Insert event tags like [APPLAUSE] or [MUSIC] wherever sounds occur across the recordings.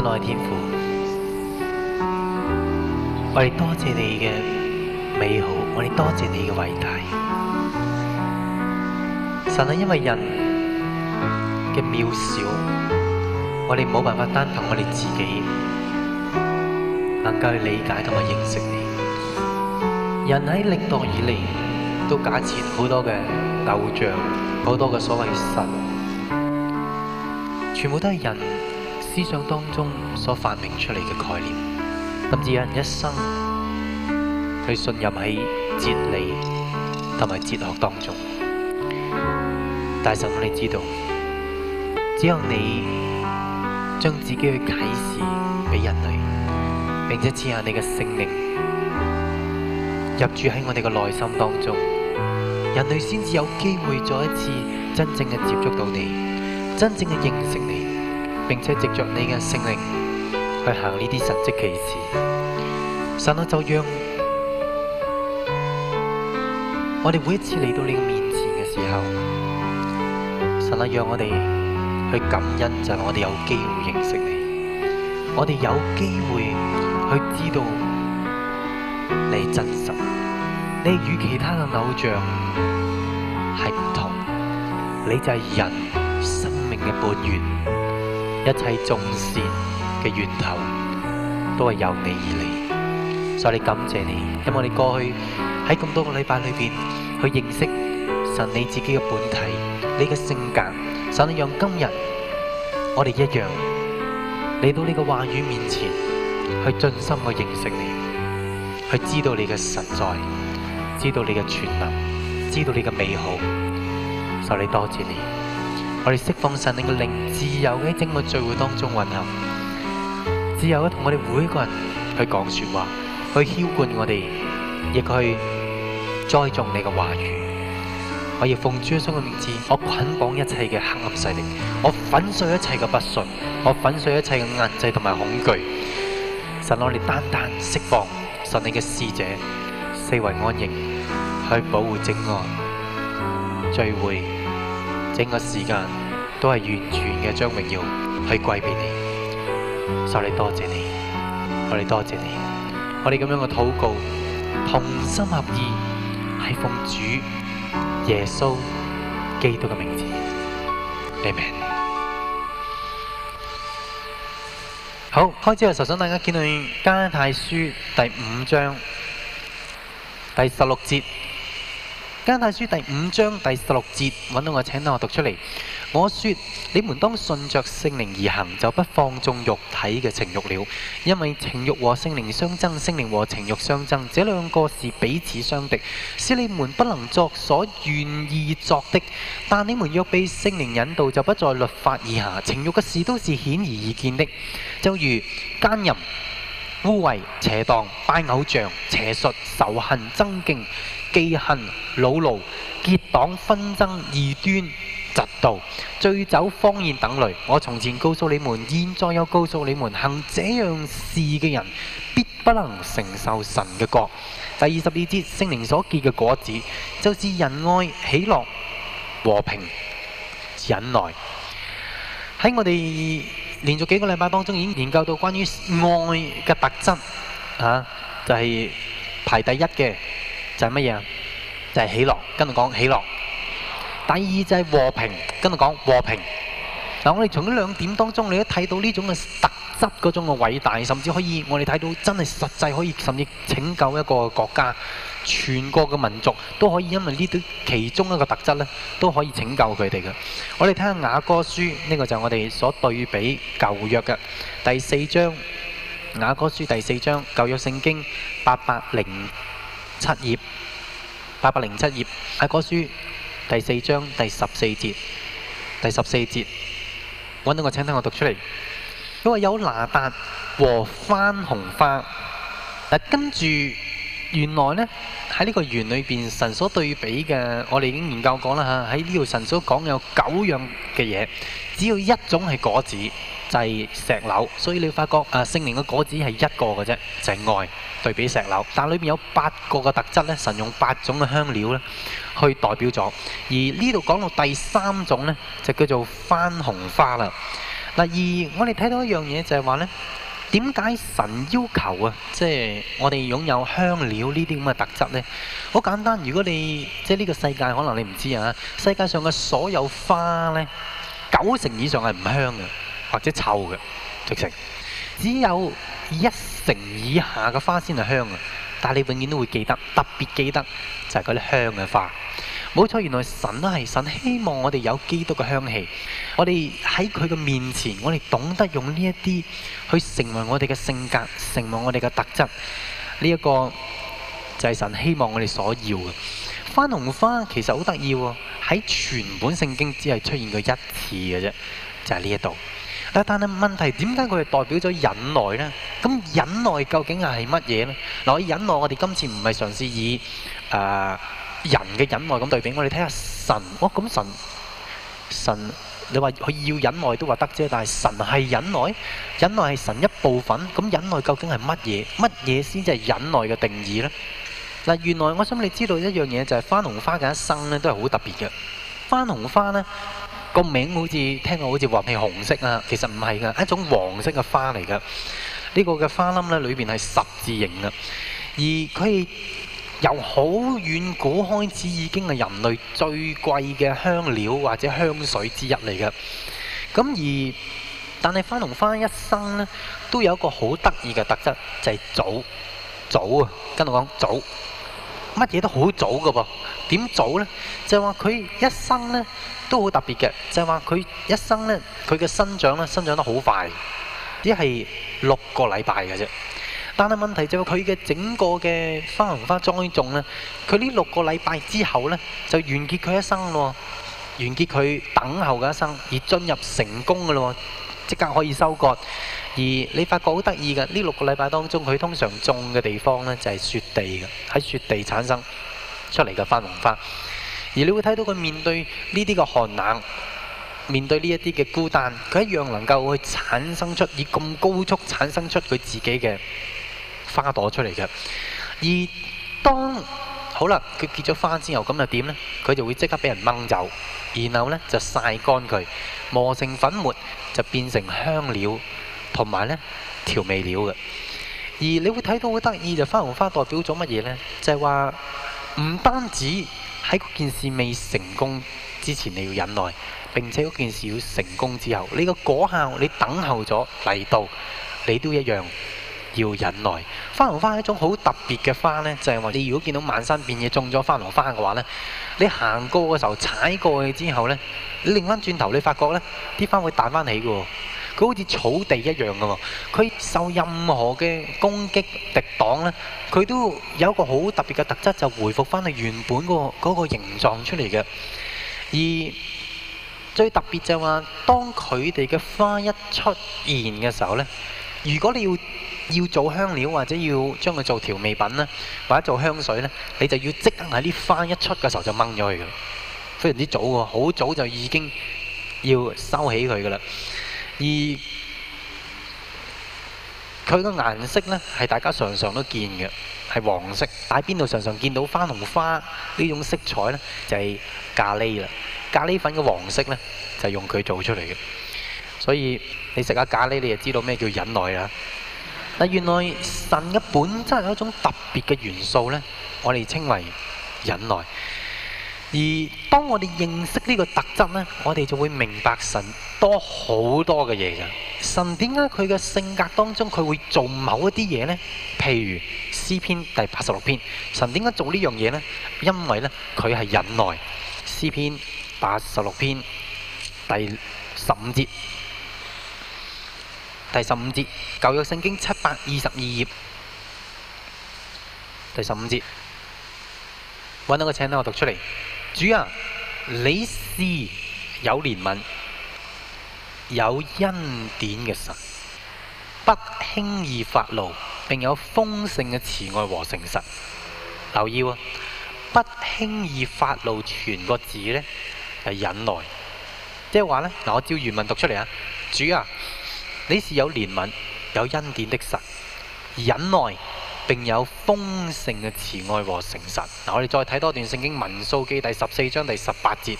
親愛天父，我哋多謝你嘅美好，我哋多謝你嘅偉大。神係因為人嘅渺小，我哋冇辦法單憑我哋自己能夠理解同埋認識你。人喺歷代以嚟，都假設好多嘅偶像，好多嘅所謂神，全部都係人。思想當中所發明出嚟嘅概念，甚至有人一生去信任喺哲理同埋哲學當中。大神，你知道，只有你將自己去啟示俾人類，並且賜下你嘅聖靈入住喺我哋嘅內心當中，人類先至有機會再一次真正嘅接觸到你，真正嘅認識你。並且藉著你嘅聖靈去行呢啲神蹟奇事，神啊，就讓我哋每一次嚟到你嘅面前嘅時候，神啊，讓我哋去感恩，就係我哋有機會認識你，我哋有機會去知道你真實，你與其他嘅偶像係唔同，你就係人生命嘅本源。一切眾善嘅源頭都係由你而嚟，所以你感謝你。因為我哋過去喺咁多個禮拜裏邊去認識神你自己嘅本體、你嘅性格，神你讓今日我哋一樣嚟到你嘅話語面前去盡心去認識你，去知道你嘅實在，知道你嘅全能，知道你嘅美好。所以你多謝你。我哋釋放神，你嘅靈自由咁喺整個聚會當中混合，自由咁同我哋每一個人去講說話，去澆灌我哋，亦去栽種你嘅話語。我要奉主耶穌嘅名字，我捆綁一切嘅黑暗勢力，我粉碎一切嘅不順，我粉碎一切嘅壓制同埋恐懼。神，我哋單單釋放神，你嘅使者四圍安營去保護整個聚會，整個時間。都係完全嘅將榮耀去歸俾你，所以多謝你，我哋多謝，謝你，我哋咁樣嘅禱告，同心合意喺奉主耶穌基督嘅名字。阿門。好，開始啊！首想大家見到加拉太書第五章第十六節，加拉太書第五章第十六節，揾到，我請我讀出嚟。我説：你們當順着聖靈而行，就不放縱肉體嘅情慾了。因為情慾和聖靈相爭，聖靈和情慾相爭，這兩個是彼此相敵，使你們不能作所願意作的。但你們若被聖靈引導，就不在律法以下，情慾嘅事都是顯而易見的。就如奸淫、污穢、邪蕩、拜偶像、邪術、仇恨、爭競、忌恨、惱怒、結黨、紛爭、異端。嫉妒、醉酒、荒宴等類，我從前告訴你們，現在又告訴你們，行這樣事嘅人，必不能承受神嘅國。第二十二節，聖靈所結嘅果子，就是仁愛、喜樂、和平、忍耐。喺我哋連續幾個禮拜當中，已經研究到關於愛嘅特質，吓就係排第一嘅就係乜嘢？就係喜樂。跟住講喜樂。第二就係和平，跟住講和平。嗱、啊，我哋從呢兩點當中，你都睇到呢種嘅特質，嗰種嘅偉大，甚至可以我哋睇到真係實際可以，甚至拯救一個國家、全國嘅民族，都可以因為呢啲其中一個特質呢，都可以拯救佢哋嘅。我哋睇下雅歌書，呢、這個就係我哋所對比舊約嘅第四章。雅歌書第四章，舊約聖經八百零七頁，八百零七頁。雅歌書。第四章第十四節，第十四節，揾到個請聽我讀出嚟。因為有拿達和番紅花，跟住。原來咧喺呢個園裏邊，神所對比嘅，我哋已經研究過啦嚇。喺呢度神所講有九樣嘅嘢，只有一種係果子，就係石榴。所以你會發覺啊，聖靈嘅果子係一個嘅啫，就係愛對比石榴。但係裏邊有八個嘅特質咧，神用八種嘅香料咧去代表咗。而呢度講到第三種咧，就叫做番紅花啦。嗱，而我哋睇到一樣嘢就係話咧。點解神要求啊？即係我哋擁有香料呢啲咁嘅特質呢？好簡單，如果你即係呢個世界，可能你唔知啊。世界上嘅所有花呢，九成以上係唔香嘅，或者臭嘅，直情。只有一成以下嘅花先係香嘅，但係你永遠都會記得，特別記得就係嗰啲香嘅花。冇錯，原來神都係神，神希望我哋有基督嘅香氣。我哋喺佢嘅面前，我哋懂得用呢一啲去成為我哋嘅性格，成為我哋嘅特質。呢一個就係神希望我哋所要嘅。番紅花其實好得意喎，喺全本聖經只係出現過一次嘅啫，就係呢一度。但係問題點解佢係代表咗忍耐呢？咁忍耐究竟係乜嘢呢？嗱，忍耐我哋今次唔係嘗試以誒。呃人嘅忍耐咁對比，我哋睇下神，哦咁神神，你話佢要忍耐都話得啫，但係神係忍耐，忍耐係神一部分。咁忍耐究竟係乜嘢？乜嘢先至係忍耐嘅定義咧？嗱，原來我想你知道一樣嘢，就係番紅花嘅一生咧都係好特別嘅。番紅花呢個名好似聽講好似話係紅色啊，其實唔係噶，一種黃色嘅花嚟噶。呢個嘅花冧咧裏邊係十字形噶，而佢。由好遠古開始已經係人類最貴嘅香料或者香水之一嚟嘅。咁而但係番紅花一生咧都有一個好得意嘅特質，就係早早啊！跟住講早，乜嘢都好早噶噃。點早咧？就係話佢一生咧都好特別嘅，就係話佢一生咧佢嘅生長咧生長得好快，只係六個禮拜嘅啫。但係問題就係佢嘅整個嘅花紅花栽種呢，佢呢六個禮拜之後呢，就完結佢一生咯，完結佢等候嘅一生，而進入成功嘅咯，即刻可以收割。而你發覺好得意嘅，呢六個禮拜當中，佢通常種嘅地方呢，就係雪地嘅，喺雪地產生出嚟嘅花紅花。而你會睇到佢面對呢啲嘅寒冷，面對呢一啲嘅孤單，佢一樣能夠去產生出以咁高速產生出佢自己嘅。花朵出嚟嘅，而當好啦，佢結咗花之後，咁又點呢？佢就會即刻俾人掹走，然後呢，就曬乾佢，磨成粉末，就變成香料同埋呢調味料嘅。而你會睇到好得意就是、番紅花代表咗乜嘢呢？就係話唔單止喺件事未成功之前你要忍耐，並且件事要成功之後，你個果效你等候咗嚟到，你都一樣，要忍耐。番紅花係一種好特別嘅花，呢就係、是、話，你如果見到萬山遍野種咗番紅花嘅話呢，你行過嘅時候踩過去之後呢，你擰翻轉頭，你發覺呢啲花會彈翻起嘅喎、哦，佢好似草地一樣嘅喎、哦，佢受任何嘅攻擊敵擋呢，佢都有一個好特別嘅特質，就是、回復翻你原本個嗰個形狀出嚟嘅。而最特別就係話，當佢哋嘅花一出現嘅時候呢，如果你要要做香料或者要將佢做調味品咧，或者做香水咧，你就要即刻喺啲花一出嘅時候就掹咗佢咯。非常之早喎，好早就已經要收起佢噶啦。而佢個顏色呢，係大家常常都見嘅，係黃色。喺邊度常常見到番紅花呢種色彩呢，就係咖喱啦。咖喱粉嘅黃色呢，就係用佢做出嚟嘅。所以你食下咖喱，你就知道咩叫忍耐啦。嗱，原來神嘅本質係一種特別嘅元素，呢我哋稱為忍耐。而當我哋認識呢個特質，呢我哋就會明白神多好多嘅嘢嘅。神點解佢嘅性格當中，佢會做某一啲嘢呢？譬如詩篇第八十六篇，神點解做呢樣嘢呢？因為呢，佢係忍耐。詩篇八十六篇，第十五節。第十五節，舊約聖經七百二十二頁，第十五節，搵到個請啦，我讀出嚟。主啊，你是有憐憫、有恩典嘅神，不輕易發怒，並有豐盛嘅慈愛和誠實。留意啊，不輕易發怒，全個字呢係忍耐，即係話呢，嗱，我照原文讀出嚟啊，主啊。呢是有憐憫、有恩典的神，忍耐並有豐盛嘅慈愛和誠實。嗱，我哋再睇多段聖經，民數記第十四章第十八節，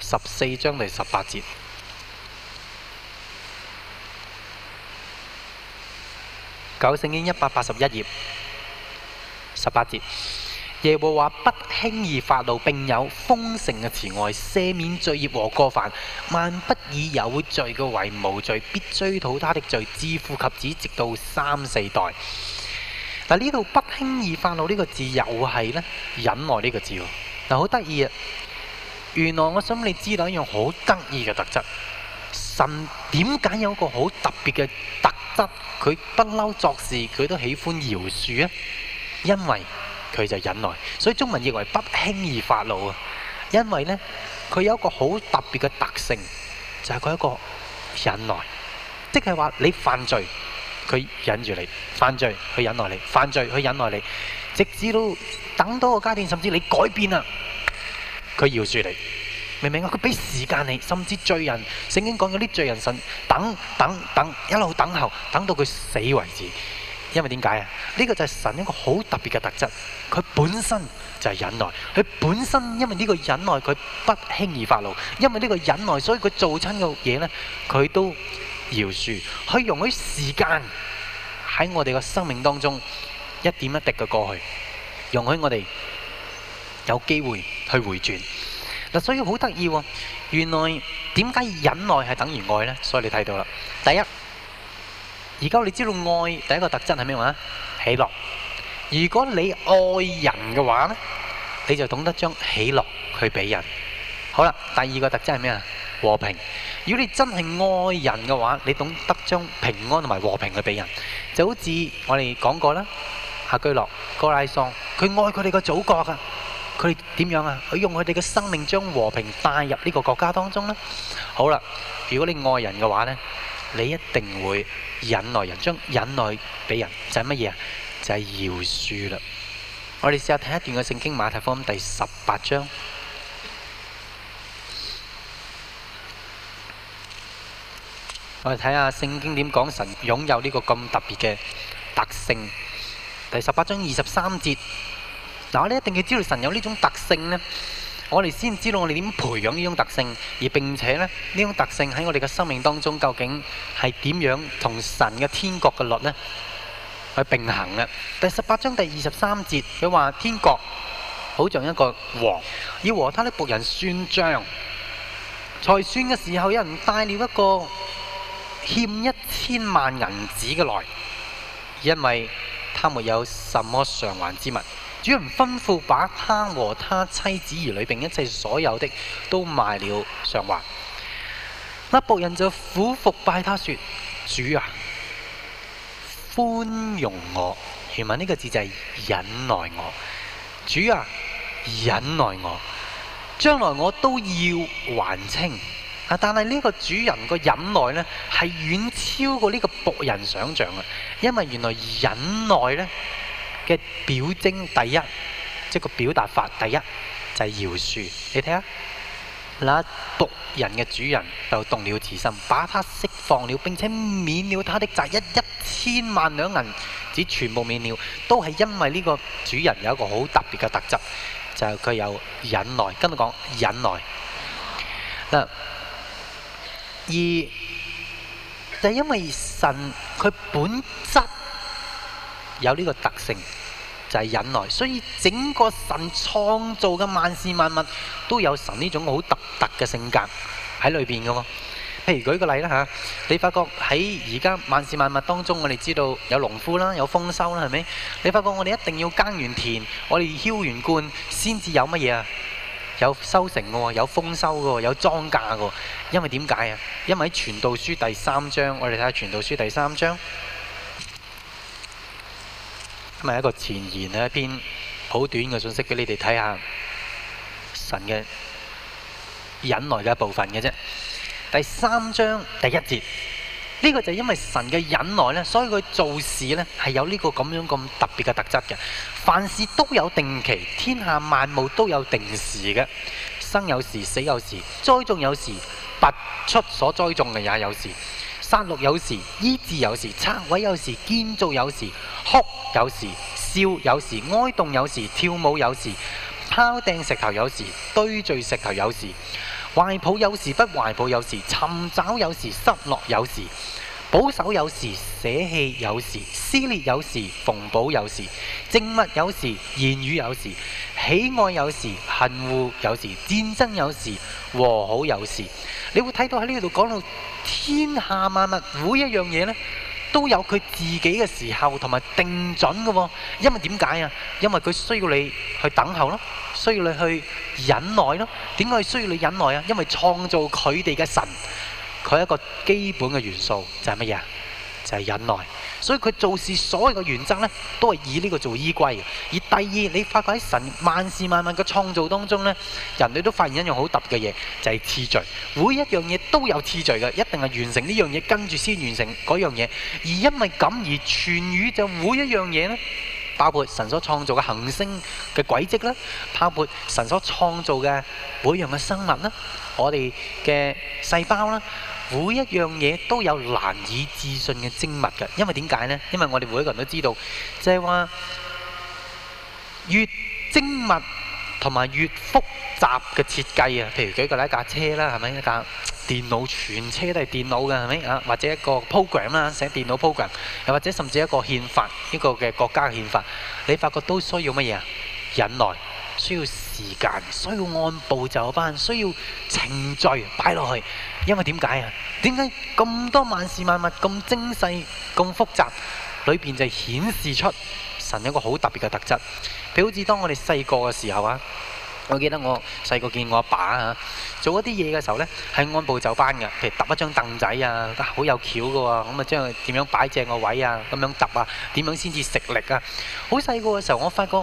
十四章第十八節，舊聖經一百八十一頁，十八節。耶和華不輕易發怒，並有豐盛嘅慈愛，赦免罪孽和過犯。萬不以有罪嘅為無罪，必追討他的罪，自父及子，直到三四代。嗱，呢度不輕易發怒呢個字又係咧忍耐呢個字。嗱，好得意啊！原來我想你知道一樣好得意嘅特質。神點解有個好特別嘅特質？佢不嬲作事，佢都喜歡饒恕啊！因為佢就忍耐，所以中文認為不輕易發怒啊，因為呢，佢有一個好特別嘅特性，就係佢一個忍耐，即係話你犯罪，佢忍住你犯罪，佢忍耐你犯罪，佢忍耐你，直至到等到個階段，甚至你改變啦，佢饒恕你，明唔明啊？佢俾時間你，甚至罪人，聖經講有啲罪人神等等等一路等候，等到佢死為止。因為點解啊？呢個就係神一個好特別嘅特質，佢本身就係忍耐，佢本身因為呢個忍耐，佢不輕易發怒，因為呢個忍耐，所以佢做親嘅嘢呢，佢都饒恕，佢容許時間喺我哋嘅生命當中一點一滴嘅過去，容許我哋有機會去回轉。嗱，所以好得意，原來點解忍耐係等於愛呢？所以你睇到啦，第一。而家你知道愛第一個特質係咩話？喜樂。如果你愛人嘅話呢，你就懂得將喜樂去俾人。好啦，第二個特質係咩啊？和平。如果你真係愛人嘅話，你懂得將平安同埋和平去俾人。就好似我哋講過啦，夏居樂、哥拉桑，佢愛佢哋個祖國啊！佢點樣啊？佢用佢哋嘅生命將和平帶入呢個國家當中呢。好啦，如果你愛人嘅話呢，你一定會。忍耐人，將忍耐俾人就係乜嘢啊？就係饒恕啦！我哋試下睇一段嘅聖經馬太福音第十八章，我哋睇下聖經點講神擁有呢個咁特別嘅特性。第十八章二十三節，嗱，我哋一定要知道神有呢種特性呢。我哋先知道我哋點培養呢種特性，而並且咧，呢種特性喺我哋嘅生命當中究竟係點樣同神嘅天國嘅律呢係並行嘅。第十八章第二十三節，佢話天國好像一個王，要和他的僕人算賬，才算嘅時候，有人帶了一個欠一千萬銀子嘅來，因為他沒有什麼償還之物。主人吩咐把他和他妻子兒女並一切所有的都賣了償還。那僕人就俯伏拜他說：主啊，寬容我。原文呢個字就係忍耐我。主啊，忍耐我。將來我都要還清。啊，但係呢個主人個忍耐呢，係遠超過呢個僕人想象嘅。因為原來忍耐呢。嘅表徵第一，即係個表達法第一，就係、是、饒恕。你睇下，嗱，僕人嘅主人就動了慈心，把他釋放了，並且免了他的債，一一千萬兩銀子全部免了，都係因為呢個主人有一個好特別嘅特質，就係、是、佢有忍耐。跟住講忍耐，嗱，二就因為神佢本質。有呢個特性就係、是、忍耐，所以整個神創造嘅萬事萬物都有神呢種好獨特嘅性格喺裏邊嘅喎。譬如舉個例啦嚇、啊，你發覺喺而家萬事萬物當中，我哋知道有農夫啦，有豐收啦，係咪？你發覺我哋一定要耕完田，我哋澆完灌，先至有乜嘢啊？有收成嘅喎，有豐收嘅喎，有莊稼嘅喎。因為點解啊？因為喺傳道書第三章，我哋睇下傳道書第三章。咁係一個前言咧，係一篇好短嘅信息俾你哋睇下，神嘅忍耐嘅一部分嘅啫。第三章第一節，呢個就係因為神嘅忍耐呢，所以佢做事呢係有呢個咁樣咁特別嘅特質嘅。凡事都有定期，天下萬物都有定時嘅，生有時，死有時，栽種有時，拔出所栽種嘅也有時。殺戮有時，醫治有時，拆毀有時，建造有時，哭有時，笑有時，哀慟有時，跳舞有時，拋掟石頭有時，堆聚石頭有時，懷抱，有時不懷抱有時，尋找有時，失落有時，保守有時，捨棄有時，撕裂有時，縫補有時，靜默有時，言語有時，喜愛有時，恨惡有時，戰爭有時，和好有時，你會睇到喺呢度講到。天下萬物每一樣嘢咧，都有佢自己嘅時候同埋定準嘅喎。因為點解啊？因為佢需要你去等候咯，需要你去忍耐咯。點解需要你忍耐啊？因為創造佢哋嘅神，佢係一個基本嘅元素就係乜嘢？就係忍耐。所以佢做事所有嘅原則咧，都係以呢個做依歸。而第二，你發覺喺神萬事萬物嘅創造當中咧，人類都發現一樣好特別嘅嘢，就係次序。每一樣嘢都有次序嘅，一定係完成呢樣嘢，跟住先完成嗰樣嘢。而因為咁而全宇宙每一樣嘢咧，包括神所創造嘅恆星嘅軌跡啦，包括神所創造嘅每一樣嘅生物啦，我哋嘅細胞啦。每一樣嘢都有難以置信嘅精密㗎，因為點解呢？因為我哋每一個人都知道，即係話越精密同埋越複雜嘅設計啊。譬如舉個例一架車啦，係咪一架電腦？全車都係電腦嘅，係咪啊？或者一個 program 啦，寫電腦 program，又或者甚至一個憲法呢個嘅國家憲法，你發覺都需要乜嘢啊？忍耐。需要時間，需要按部就班，需要程序擺落去。因為點解啊？點解咁多萬事萬物咁精細、咁複雜，裏邊就顯示出神有一個好特別嘅特質。譬如好似當我哋細個嘅時候啊，我記得我細個見我阿爸啊，做一啲嘢嘅時候呢，係按部就班嘅。譬如揼一張凳仔啊，好有橋㗎喎。咁啊，將佢點樣擺正個位啊，咁樣揼啊，點樣先至食力啊？好細個嘅時候，我發覺。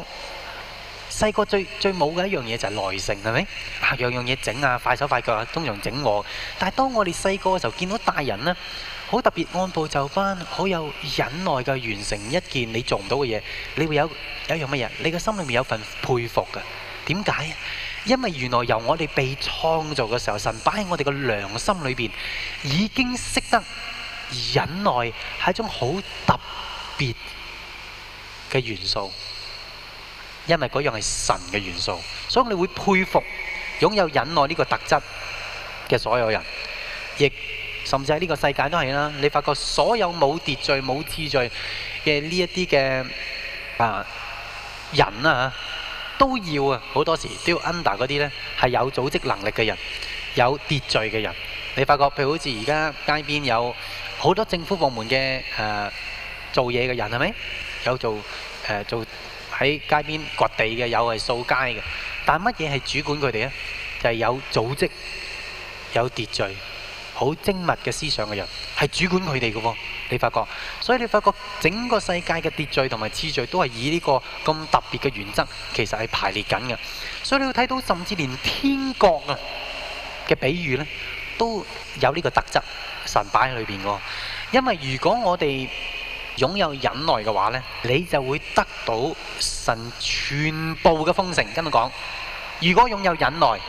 細個最最冇嘅一樣嘢就係耐性，係咪？啊，樣樣嘢整啊，快手快腳啊，通常整我。但係當我哋細個嘅時候，見到大人呢，好特別按部就班，好有忍耐嘅完成一件你做唔到嘅嘢，你會有有一樣乜嘢？你嘅心裏面有份佩服㗎。點解？因為原來由我哋被創造嘅時候，神擺喺我哋嘅良心裏邊，已經識得忍耐係一種好特別嘅元素。因為嗰樣係神嘅元素，所以你會佩服擁有忍耐呢個特質嘅所有人，亦甚至喺呢個世界都係啦。你發覺所有冇秩序冇秩序嘅呢一啲嘅啊人啦嚇，都要啊，好多時都要 under 嗰啲呢係有組織能力嘅人，有秩序嘅人。你發覺譬如好似而家街邊有好多政府部門嘅誒做嘢嘅人係咪？有做誒做。喺街邊掘地嘅，有係掃街嘅，但係乜嘢係主管佢哋呢？就係、是、有組織、有秩序、好精密嘅思想嘅人，係主管佢哋嘅喎。你發覺，所以你發覺整個世界嘅秩序同埋次序都係以呢個咁特別嘅原則，其實係排列緊嘅。所以你會睇到，甚至連天國啊嘅比喻呢，都有呢個特質神擺喺裏邊嘅。因為如果我哋擁有忍耐嘅話呢，你就會得到神全部嘅豐盛。今日講，如果擁有忍耐，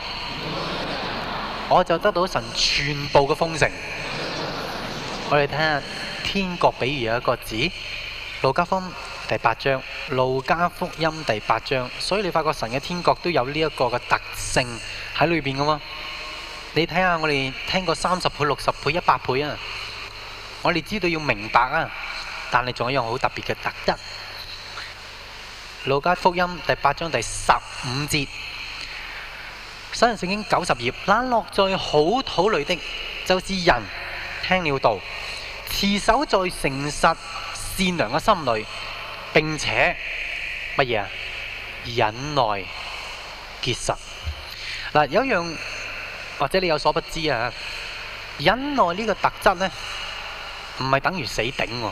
我就得到神全部嘅豐盛。我哋睇下天國，比如有一個字，路加福第八章，路加福音第八章。所以你發覺神嘅天國都有呢一個嘅特性喺裏邊噶嘛？你睇下我哋聽過三十倍、六十倍、一百倍啊！我哋知道要明白啊！但你仲有一樣好特別嘅特質，《路加福音》第八章第十五節，新約聖經九十頁，那落在好土裏的就是人聽了道，持守在誠實善良嘅心裏，並且乜嘢啊？忍耐結實。嗱、啊，有一樣或者你有所不知啊，忍耐呢個特質呢，唔係等於死頂，啊。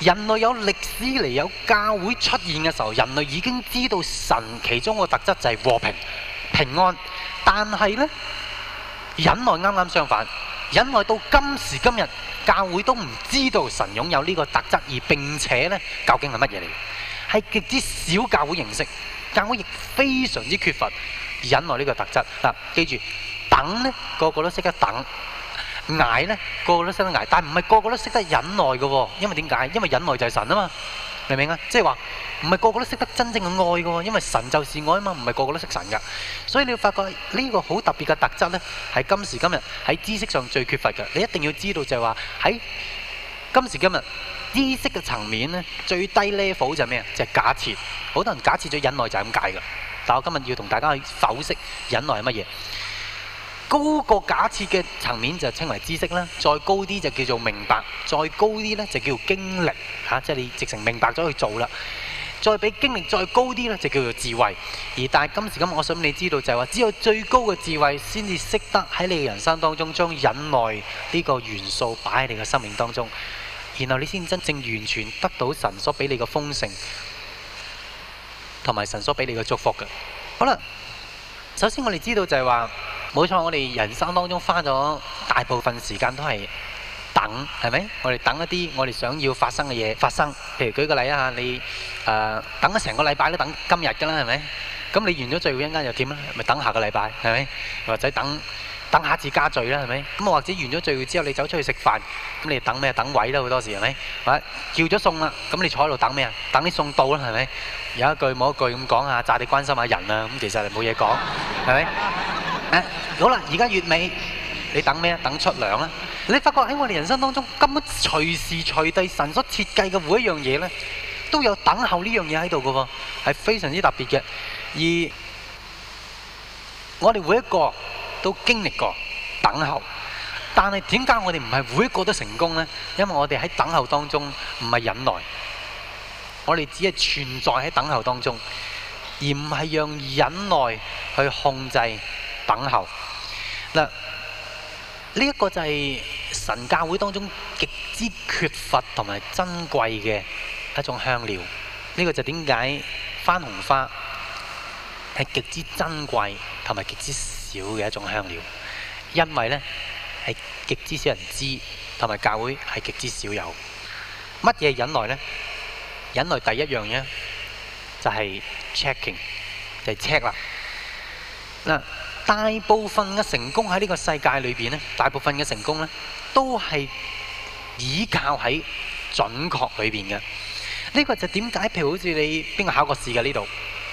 人類有歷史嚟，有教會出現嘅時候，人類已經知道神其中個特質就係和平、平安。但係呢，忍耐啱啱相反，忍耐到今時今日，教會都唔知道神擁有呢個特質，而並且呢，究竟係乜嘢嚟？係極之少教會認識，教會亦非常之缺乏忍耐呢個特質。嗱、啊，記住，等呢，個個，個個個都識得等。捱呢，個個都識得捱，但唔係個個都識得忍耐㗎喎、哦，因為點解？因為忍耐就係神啊嘛，明唔明啊？即係話唔係個個都識得真正嘅愛㗎喎、哦，因為神就是愛啊嘛，唔係個個都識神噶。所以你會發覺呢、這個好特別嘅特質呢，係今時今日喺知識上最缺乏嘅。你一定要知道就係話喺今時今日知識嘅層面呢，最低 level 就係咩？就係假設，好多人假設咗忍耐就係咁解嘅。但我今日要同大家去剖析忍耐係乜嘢。高個假設嘅層面就稱為知識啦，再高啲就叫做明白，再高啲呢就叫做經歷嚇。啊，即係你直情明白咗去做啦。再俾經歷再高啲呢就叫做智慧。而但係今時今日，我想你知道就係話，只有最高嘅智慧先至識得喺你嘅人生當中將忍耐呢個元素擺喺你嘅生命當中，然後你先真正完全得到神所俾你嘅豐盛同埋神所俾你嘅祝福嘅。好啦，首先我哋知道就係話。冇錯，我哋人生當中花咗大部分時間都係等，係咪？我哋等一啲我哋想要發生嘅嘢發生。譬如舉個例啊，你誒、呃、等咗成個禮拜都等今日㗎啦，係咪？咁你完咗聚會一間又點咧？咪等下個禮拜，係咪？或者等。等下次加聚啦，係咪？咁或者完咗聚會之後，你走出去食飯，咁你等咩啊？等位啦，好多時，係咪？或者叫咗餸啦，咁你坐喺度等咩啊？等啲餸到啦，係咪？有一句冇一句咁講下，炸你關心下人啦，咁其實係冇嘢講，係咪？好啦，而家月尾，你等咩啊？等出糧啦！你發覺喺我哋人生當中，根本隨時隨地神所設計嘅每一樣嘢呢，都有等候呢樣嘢喺度㗎喎，係非常之特別嘅。而我哋每一個。都經歷過等候，但係點解我哋唔係每一個都成功呢？因為我哋喺等候當中唔係忍耐，我哋只係存在喺等候當中，而唔係讓忍耐去控制等候。嗱，呢一個就係神教會當中極之缺乏同埋珍貴嘅一種香料。呢個就點解番紅花係極之珍貴同埋極之。少嘅一種香料，因為呢係極之少人知，同埋教會係極之少有。乜嘢忍耐呢？忍耐第一樣嘢就係 checking，就係 check 啦。嗱，大部分嘅成功喺呢個世界裏邊呢，大部分嘅成功呢都係倚靠喺準確裏邊嘅。呢個就點解？譬如好似你邊個考過試嘅呢度？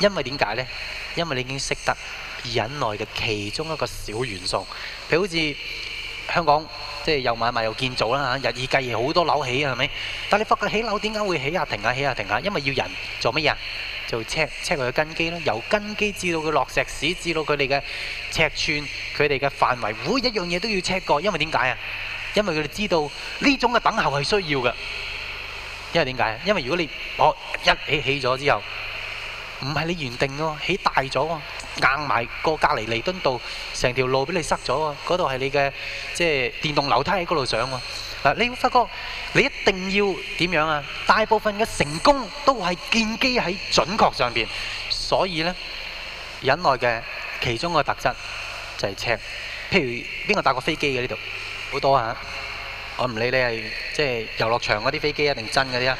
因為點解呢？因為你已經識得忍耐嘅其中一個小元素，譬如好似香港，即係又買賣又建造啦嚇，日以繼夜好多樓起啊，係咪？但係你發覺起樓點解會起下停下？起下停下，因為要人做乜嘢啊？做 check check 佢嘅根基啦，由根基至到佢落石屎，至到佢哋嘅尺寸，佢哋嘅範圍，每一樣嘢都要 check 過，因為點解啊？因為佢哋知道呢種嘅等候係需要嘅，因為點解啊？因為如果你我一起起咗之後。唔係你原定喎，起大咗喎，硬埋個隔離彌敦道，成條路俾你塞咗喎。嗰度係你嘅，即係電動樓梯喺嗰度上喎。嗱，你會發覺你一定要點樣啊？大部分嘅成功都係建基喺準確上面，所以呢忍耐嘅其中嘅特質就係尺。譬如邊個搭過飛機嘅呢度？好多啊！我唔理你係即係遊樂場嗰啲飛機啊，定真嗰啲啊。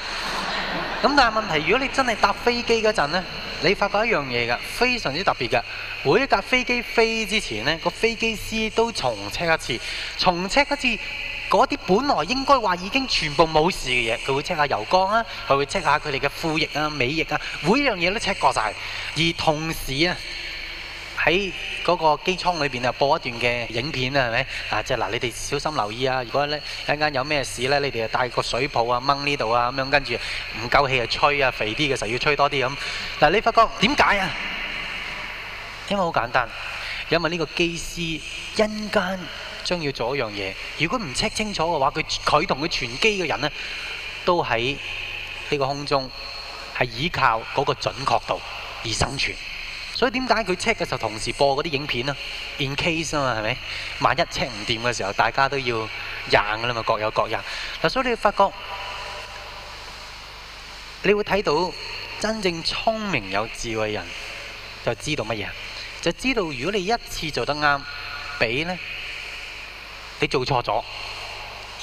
咁但係問題，如果你真係搭飛機嗰陣呢，你發覺一樣嘢㗎，非常之特別㗎。每一架飛機飛之前呢，個飛機師都重 check 一次，重 check 一次，嗰啲本來應該話已經全部冇事嘅嘢，佢會 check 下油缸啊，佢會 check 下佢哋嘅副翼啊、尾翼啊，每樣嘢都 check 過晒。而同時啊。喺嗰個機艙裏邊啊，播一段嘅影片啊，係咪啊？即係嗱，你哋小心留意啊！如果咧一間有咩事咧，你哋啊帶個水泡啊，掹呢度啊，咁樣跟住唔夠氣啊，吹啊，肥啲嘅時候要吹多啲咁。嗱、啊，你發覺點解啊？因為好簡單，因為呢個機師因間將要做一樣嘢。如果唔 check 清楚嘅話，佢佢同佢傳機嘅人呢，都喺呢個空中係依靠嗰個準確度而生存。所以點解佢 check 嘅時候同時播嗰啲影片啊，In case 啊嘛，係咪？萬一 check 唔掂嘅時候，大家都要硬啦嘛，各有各硬。嗱，所以你會發覺，你會睇到真正聰明有智慧人就知道乜嘢，就知道如果你一次做得啱，比呢你做錯咗，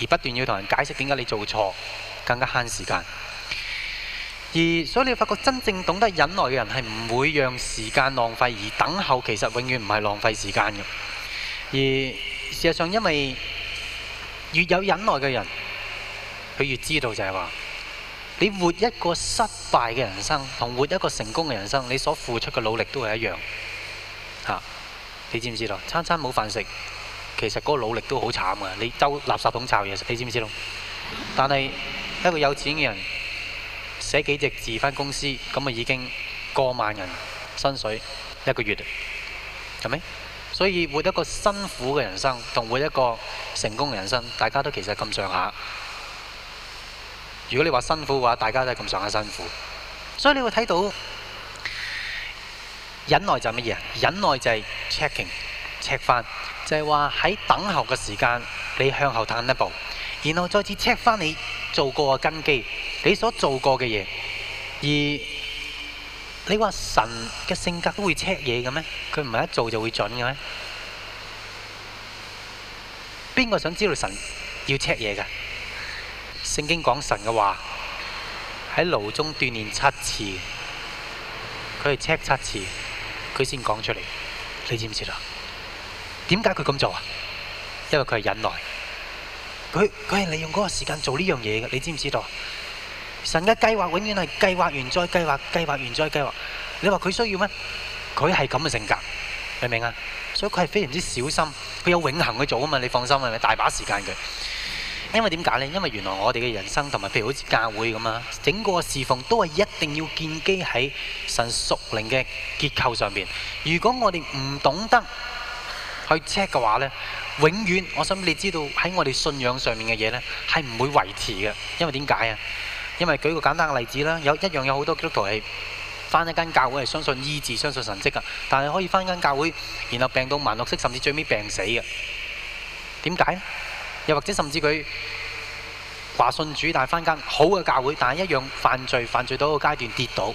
而不斷要同人解釋點解你做錯，更加慳時間。而所以你發覺真正懂得忍耐嘅人係唔會讓時間浪費，而等候其實永遠唔係浪費時間嘅。而事實上，因為越有忍耐嘅人，佢越知道就係話，你活一個失敗嘅人生同活一個成功嘅人生，你所付出嘅努力都係一樣。吓，你知唔知道？餐餐冇飯食，其實嗰個努力都好慘噶。你周垃圾桶抄嘢食，你知唔知道？但係一個有錢嘅人。寫幾隻字返公司，咁啊已經過萬人薪水一個月，係咪？所以活一個辛苦嘅人生，同活一個成功嘅人生，大家都其實咁上下。如果你話辛苦嘅話，大家都係咁上下辛苦。所以你會睇到忍耐就乜嘢？忍耐就係 checking，check 翻，就係話喺等候嘅時間，你向後探一步，然後再次 check 翻你做過嘅根基，你所做過嘅嘢，而你話神嘅性格都會 check 嘢嘅咩？佢唔係一做就會準嘅咩？邊個想知道神要 check 嘢㗎？聖經講神嘅話喺爐中鍛煉七次，佢係 check 七次，佢先講出嚟。你知唔知啊？點解佢咁做啊？因為佢係忍耐。佢佢係利用嗰個時間做呢樣嘢嘅，你知唔知道？神嘅計劃永遠係計劃完再計劃，計劃完再計劃。你話佢需要咩？佢係咁嘅性格，明唔明啊？所以佢係非常之小心，佢有永恆去做啊嘛，你放心係咪？大把時間佢。因為點解呢？因為原來我哋嘅人生同埋譬如好似教會咁啊，整個侍奉都係一定要建基喺神屬靈嘅結構上面。如果我哋唔懂得，去 check 嘅話呢，永遠我想你知道喺我哋信仰上面嘅嘢呢，係唔會維持嘅，因為點解啊？因為舉個簡單嘅例子啦，有一樣有好多基督徒係返一間教會係相信醫治、相信神跡嘅，但係可以返一間教會，然後病到萬六色，甚至最尾病死嘅。點解？又或者甚至佢話信主，但係返間好嘅教會，但係一樣犯罪，犯罪到個階段跌倒。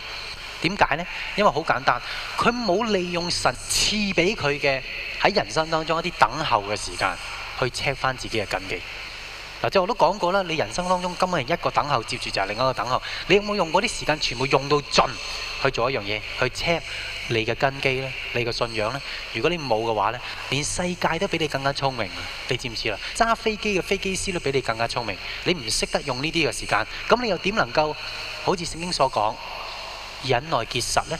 點解呢？因為好簡單，佢冇利用神賜俾佢嘅。喺人生當中一啲等候嘅時間，去 check 翻自己嘅根基。嗱，即係我都講過啦，你人生當中根本係一個等候，接住就係另一個等候。你有冇用嗰啲時間全部用到盡去做一樣嘢，去 check 你嘅根基呢，你嘅信仰呢？如果你冇嘅話呢，連世界都比你更加聰明。你知唔知啦？揸飛機嘅飛機師都比你更加聰明。你唔識得用呢啲嘅時間，咁你又點能夠好似聖經所講，忍耐結實呢？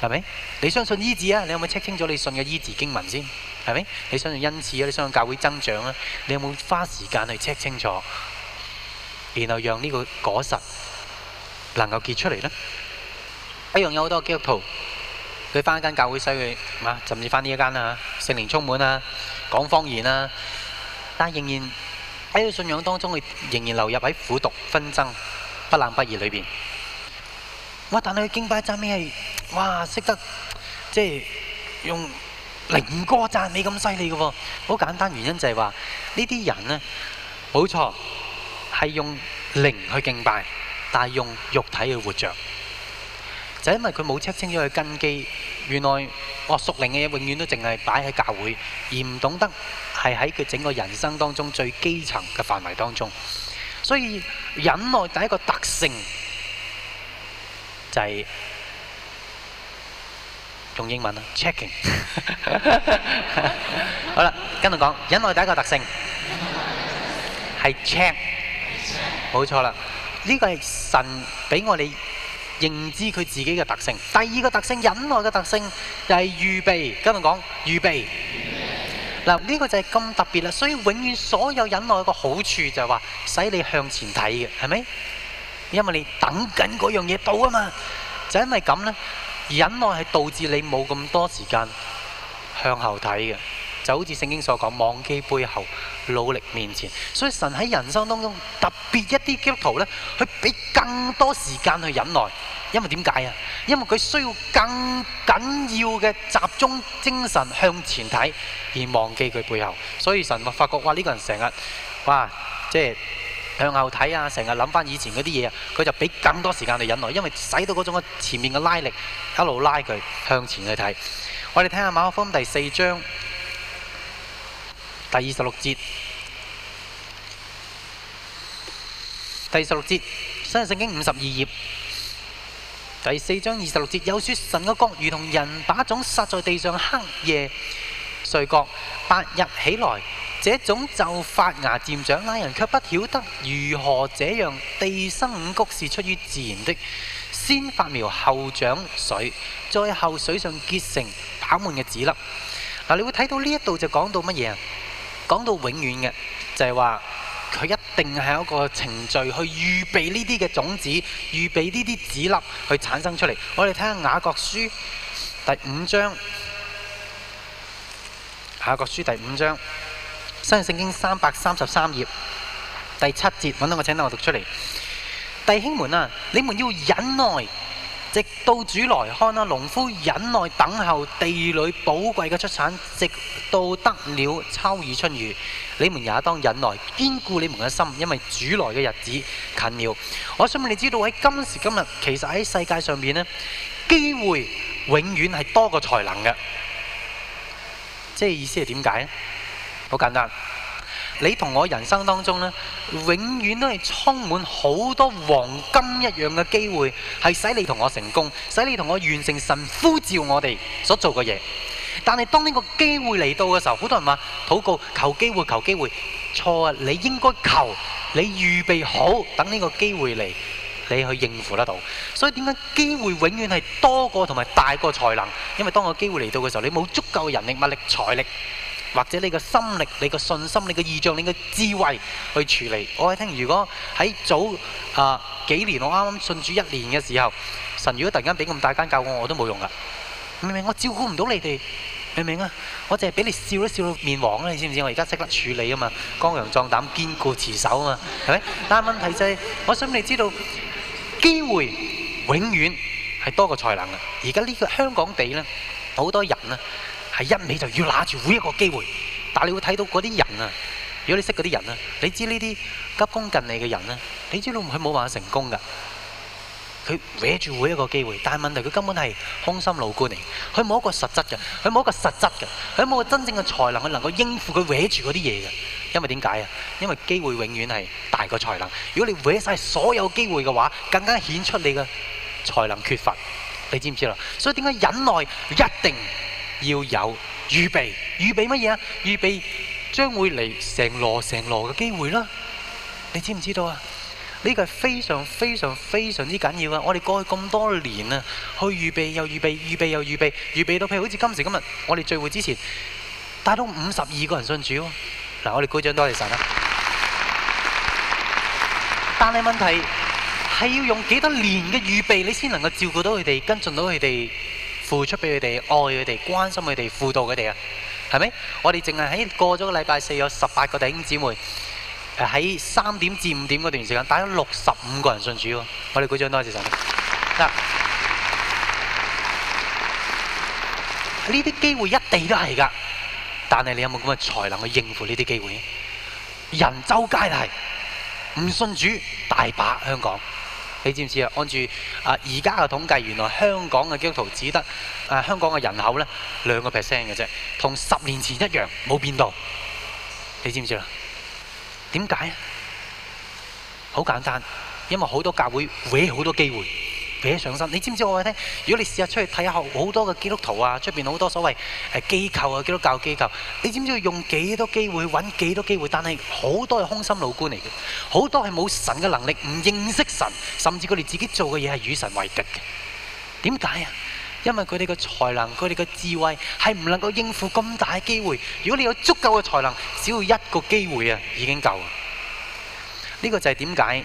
係咪？你相信醫治啊？你有冇 check 清咗你信嘅醫治經文先？係咪？你相信恩賜啊？你相信教會增長啊？你有冇花時間去 check 清楚，然後讓呢個果實能夠結出嚟呢？一樣有好多基督徒，佢翻一間教會使佢，嘛，甚至翻呢一間啊，聖靈充滿啊，講方言啊，但係仍然喺佢信仰當中，佢仍然流入喺苦毒、紛爭、不冷不熱裏邊。哇！但係佢敬拜讚美係哇，識得即係用靈歌讚美咁犀利嘅喎。好簡單，原因就係話呢啲人呢，冇錯係用靈去敬拜，但係用肉體去活着。就因為佢冇 check 清楚佢根基。原來我屬靈嘅嘢永遠都淨係擺喺教會，而唔懂得係喺佢整個人生當中最基層嘅範圍當中。所以忍耐第一個特性。就係用英文啊 checking [LAUGHS] 好啦，跟住講，忍耐第一個特性係 check，冇錯啦。呢、呢個係神俾我哋認知佢自己嘅特性。第二個特性忍耐嘅特性就係預備，跟住講預備。嗱，呢個就係咁特別啦。所以永遠所有忍耐嘅好處就係話使你向前睇嘅，係咪？因為你等緊嗰樣嘢到啊嘛，就是，因為咁呢。忍耐係導致你冇咁多時間向後睇嘅，就好似聖經所講，忘記背後，努力面前。所以神喺人生當中特別一啲基督徒咧，去俾更多時間去忍耐，因為點解啊？因為佢需要更緊要嘅集中精神向前睇，而忘記佢背後。所以神咪發覺哇呢個人成日哇即係。向後睇啊！成日諗翻以前嗰啲嘢啊，佢就俾咁多時間嚟忍耐，因為使到嗰種嘅前面嘅拉力，一路拉佢向前去睇。我哋睇下馬可福音第四章第二十六節，第二十六節新約聖經五十二頁第四章二十六節有説：神嘅國如同人把種撒在地上黑夜睡覺，白日起來。這種就發芽、漸長、那人，卻不曉得如何這樣。地生五穀，是出於自然的，先發苗，後長水，再後水上結成飽滿嘅籽粒。嗱、啊，你會睇到呢一度就講到乜嘢啊？講到永遠嘅，就係話佢一定係一個程序去預備呢啲嘅種子，預備呢啲籽粒去產生出嚟。我哋睇下《雅各書》第五章，《雅各書》第五章。雅新約聖經三百三十三頁第七節，揾到我請到我讀出嚟。弟兄們啊，你們要忍耐，直到主來看啊。農夫忍耐等候地裏寶貴嘅出產，直到得了秋雨春雨。你們也當忍耐，堅固你們嘅心，因為主來嘅日子近了。我想問你知道喺今時今日，其實喺世界上面，咧，機會永遠係多過才能嘅。即係意思係點解咧？好簡單，你同我人生當中呢，永遠都係充滿好多黃金一樣嘅機會，係使你同我成功，使你同我完成神呼召我哋所做嘅嘢。但係當呢個機會嚟到嘅時候，好多人話禱告求機會求機會，錯啊！你應該求，你預備好，等呢個機會嚟，你去應付得到。所以點解機會永遠係多過同埋大過才能？因為當個機會嚟到嘅時候，你冇足夠人力、物力、財力。或者你個心力、你個信心、你個意象、你個智慧去處理。我喺聽，如果喺早啊幾年，我啱啱信主一年嘅時候，神如果突然間俾咁大間教我，我都冇用噶。明唔明？我照顧唔到你哋，明唔明啊？我淨係俾你笑一笑，笑到面黃啊！你知唔知？我而家識得處理啊嘛，剛強壯膽、堅固持守啊嘛，係咪？ [LAUGHS] 但問題就係、是，我想你知道機會永遠係多過才能啊！而家呢個香港地呢，好多人啊。係一味就要揦住每一個機會，但係你會睇到嗰啲人啊，如果你識嗰啲人啊，你知呢啲急功近利嘅人啊，你知道佢冇辦法成功㗎。佢搲住每一個機會，但係問題佢根本係空心老官嚟嘅，佢冇一個實質嘅，佢冇一個實質嘅，佢冇個真正嘅才能去能夠應付佢搲住嗰啲嘢嘅。因為點解啊？因為機會永遠係大過才能。如果你搲曬所有機會嘅話，更加顯出你嘅才能缺乏。你知唔知啦？所以點解忍耐一定？要有預備，預備乜嘢啊？預備將會嚟成籮成籮嘅機會啦！你知唔知道啊？呢個係非常非常非常之緊要啊！我哋過去咁多年啊，去預備又預備，預備又預備，預備到譬如好似今時今日，我哋聚會之前，帶到五十二個人信主喎。嗱，我哋高長多謝晒啦。但係問題係要用幾多年嘅預備，你先能夠照顧到佢哋，跟進到佢哋。付出俾佢哋，愛佢哋，關心佢哋，輔導佢哋啊，係咪？我哋淨係喺過咗個禮拜四有十八個弟兄姊妹，喺三點至五點嗰段時間，帶咗六十五個人信主。我哋鼓掌多謝晒。嗱，呢啲機會一地都係㗎，但係你有冇咁嘅才能去應付呢啲機會？人周街係唔信主，大把香港。你知唔知啊？按住啊，而家嘅統計，原來香港嘅基督徒只得啊、呃、香港嘅人口咧兩個 percent 嘅啫，同十年前一樣冇變動。你知唔知啊？點解啊？好簡單，因為好多教會搵好多機會。嘅上身，你知唔知我話你聽？如果你試下出去睇下，好多嘅基督徒啊，出邊好多所謂係機構啊，基督教機構，你知唔知用幾多機會搵幾多機會？但係好多係空心老官嚟嘅，好多係冇神嘅能力，唔認識神，甚至佢哋自己做嘅嘢係與神為敵嘅。點解啊？因為佢哋嘅才能，佢哋嘅智慧係唔能夠應付咁大嘅機會。如果你有足夠嘅才能，只要一個機會啊，已經夠。呢個就係點解？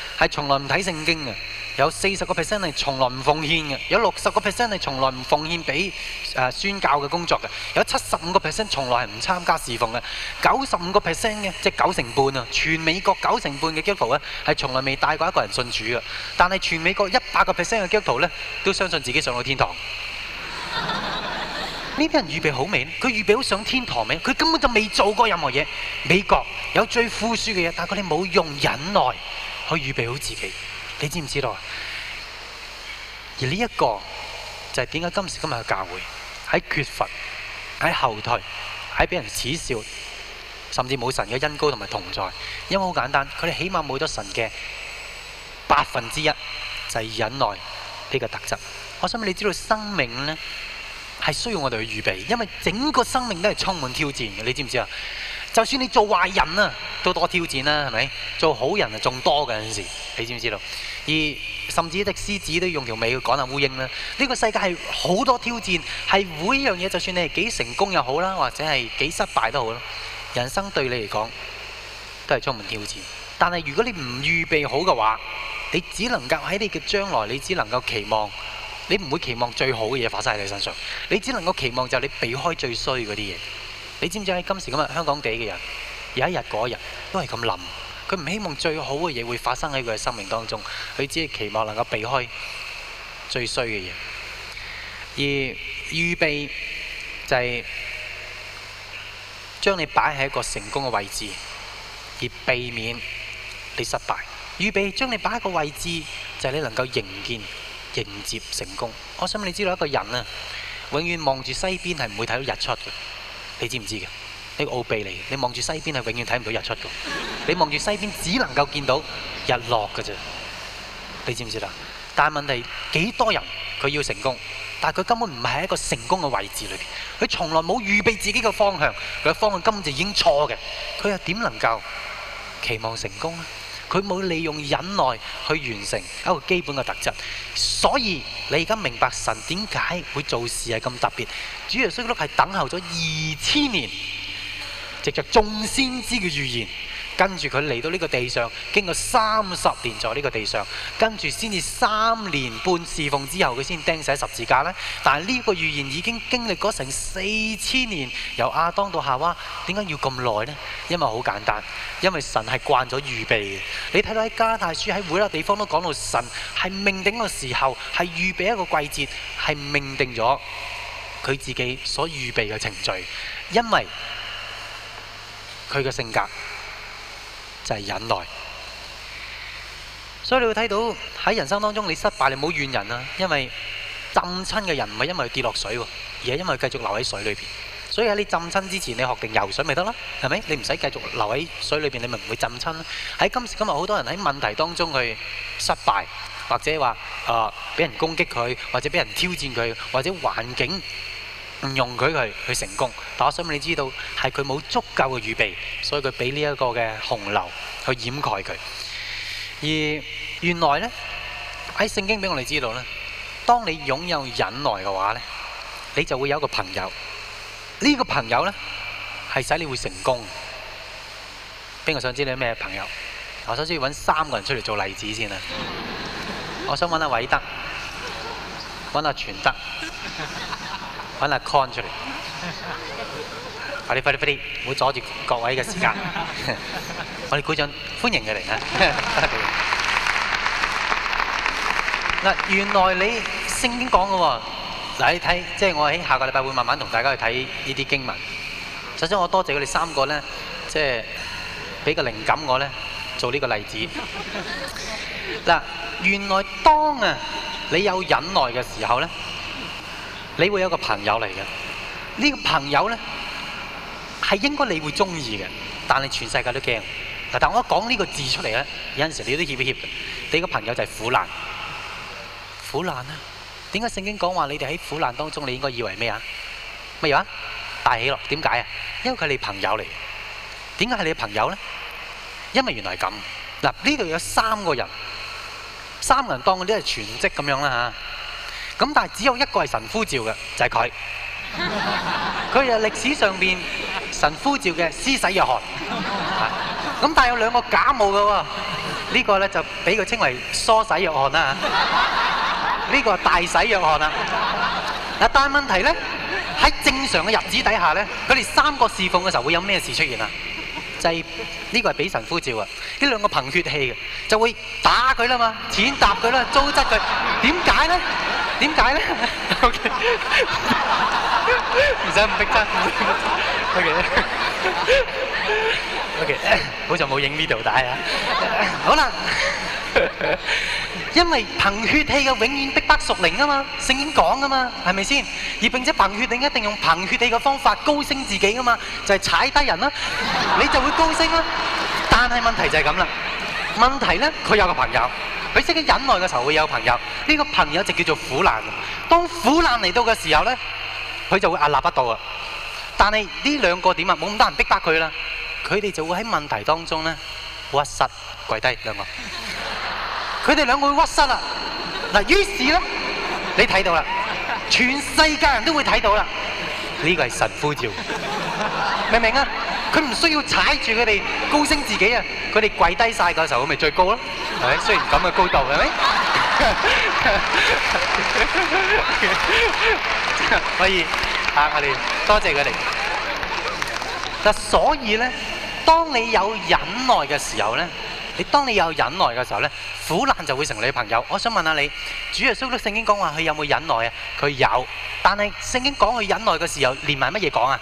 係從來唔睇聖經嘅，有四十個 percent 係從來唔奉獻嘅，有六十個 percent 係從來唔奉獻俾誒宣教嘅工作嘅，有七十五個 percent 從來係唔參加侍奉嘅，九十五個 percent 嘅即係九成半啊！全美國九成半嘅基督徒咧係從來未帶過一個人信主嘅，但係全美國一百個 percent 嘅基督徒咧都相信自己上到天堂。呢啲 [LAUGHS] 人預備好未咧？佢預備好上天堂未？佢根本就未做過任何嘢。美國有最富庶嘅嘢，但係佢哋冇用忍耐。可以預備好自己，你知唔知道？而呢一個就係點解今時今日嘅教會喺缺乏、喺後退、喺俾人恥笑，甚至冇神嘅恩膏同埋同在，因為好簡單，佢哋起碼冇咗神嘅百分之一，就係忍耐呢個特質。我想你知道生命呢係需要我哋去預備，因為整個生命都係充滿挑戰嘅，你知唔知啊？就算你做壞人啊，都多挑戰啦，係咪？做好人啊，仲多嘅陣時，你知唔知道？而甚至啲獅子都用條尾去趕下烏蠅啦。呢、這個世界係好多挑戰，係每一樣嘢。就算你係幾成功又好啦，或者係幾失敗都好啦，人生對你嚟講都係充滿挑戰。但係如果你唔預備好嘅話，你只能夠喺你嘅將來，你只能夠期望，你唔會期望最好嘅嘢發生喺你身上。你只能夠期望就係你避開最衰嗰啲嘢。你知唔知喺今時今日香港地嘅人有一日嗰一日都係咁諗，佢唔希望最好嘅嘢會發生喺佢嘅生命當中，佢只係期望能夠避開最衰嘅嘢。而預備就係將你擺喺一個成功嘅位置，而避免你失敗。預備將你擺喺一個位置，就係你能夠迎見迎接成功。我想你知道一個人啊，永遠望住西邊係唔會睇到日出嘅。你知唔知嘅？呢個奧秘嚟嘅，你望住西邊係永遠睇唔到日出嘅。你望住西邊只能夠見到日落嘅啫。你知唔知啦？但係問題幾多人佢要成功，但係佢根本唔係喺一個成功嘅位置裏邊。佢從來冇預備自己嘅方向，佢嘅方向根本就已經錯嘅。佢又點能夠期望成功呢？佢冇利用忍耐去完成一個基本嘅特質，所以你而家明白神點解會做事係咁特別。主要衰佢係等候咗二千年，藉著眾先知嘅預言。跟住佢嚟到呢個地上，經過三十年在呢個地上，跟住先至三年半侍奉之後，佢先釘死喺十字架呢。但係呢個預言已經經歷咗成四千年，由亞當到夏娃，點解要咁耐呢？因為好簡單，因為神係慣咗預備嘅。你睇到喺加拉太書喺每一個地方都講到，神係命定個時候，係預備一個季節，係命定咗佢自己所預備嘅程序，因為佢嘅性格。就係忍耐，所以你會睇到喺人生當中你失敗，你唔好怨人啊。因為浸親嘅人唔係因為佢跌落水喎，而係因為佢繼續留喺水裏邊。所以喺你浸親之前，你學定游水咪得咯，係咪？你唔使繼續留喺水裏邊，你咪唔會浸親。喺今時今日好多人喺問題當中去失敗，或者話啊俾人攻擊佢，或者俾人挑戰佢，或者環境。唔容佢佢去成功，但我想問你知道係佢冇足夠嘅預備，所以佢俾呢一個嘅洪流去掩蓋佢。而原來呢，喺聖經俾我哋知道呢，當你擁有忍耐嘅話呢，你就會有一個朋友。呢、這個朋友呢，係使你會成功。邊個想知你咩朋友？我首先要揾三個人出嚟做例子先啊！我想揾阿偉德，揾阿、啊、全德。 [LAUGHS] 等阿 Con 出嚟，快啲快啲快啲，唔好阻住各位嘅時間。我哋鼓掌歡迎佢嚟啊！嗱，原來你聖經講嘅喎，你睇，即係我喺下個禮拜會慢慢同大家去睇呢啲經文。首先，我多謝佢哋三個咧，即係俾個靈感我咧做呢個例子。嗱，原來當啊你有忍耐嘅時候咧。你會有一個朋友嚟嘅，呢個朋友咧係應該你會中意嘅，但係全世界都驚。嗱，但我一講呢個字出嚟咧，有陣時你都怯一怯。你個朋友就係苦難，苦難啊！點解聖經講話你哋喺苦難當中，你應該以為咩啊？乜嘢啊？大喜樂？點解啊？因為佢係你朋友嚟。點解係你朋友咧？因為原來係咁。嗱，呢度有三個人，三個人當嗰啲係全職咁樣啦吓。咁但係只有一個係神呼召嘅，就係、是、佢。佢係歷史上邊神呼召嘅施洗約翰。咁 [LAUGHS] 但係有兩個假冒嘅喎，呢、這個咧就俾佢稱為梳洗約翰啦。呢 [LAUGHS] 個係大洗約翰啦。嗱，但係問題咧喺正常嘅日子底下咧，佢哋三個侍奉嘅時候會有咩事出現啊？制呢個係俾神呼召啊！呢兩個憑血氣嘅就會打佢啦嘛，踐踏佢啦，糟質佢。點解咧？點解咧？O K，唔使唔識憎。O K，O K，我仲冇影呢條帶啊。好啦。因為憑血氣嘅永遠逼不屬靈啊經講嘛，聖經講啊嘛，係咪先？而並且憑血氣一定用憑血氣嘅方法高升自己啊嘛，就係、是、踩低人啦、啊，你就會高升啦、啊。但係問題就係咁啦。問題咧，佢有個朋友，佢識得忍耐嘅時候會有朋友。呢、這個朋友就叫做苦難。當苦難嚟到嘅時候咧，佢就會壓納不到啊。但係呢兩個點啊，冇咁多人逼得佢啦。佢哋就會喺問題當中咧屈膝跪低兩個。佢哋兩個會屈膝啦，嗱，於是咧，你睇到啦，全世界人都會睇到啦，呢個係神呼召，明唔明啊？佢唔需要踩住佢哋高升自己啊，佢哋跪低曬嗰時候，佢咪最高咯，係咪？雖然咁嘅高度，係咪？可以，吓我哋多謝佢哋。嗱，所以咧，當你有忍耐嘅時候咧。你當你有忍耐嘅時候咧，苦難就會成為你朋友。我想問下你，主耶穌喺聖經講話佢有冇忍耐啊？佢有，但係聖經講佢忍耐嘅時候，連埋乜嘢講啊？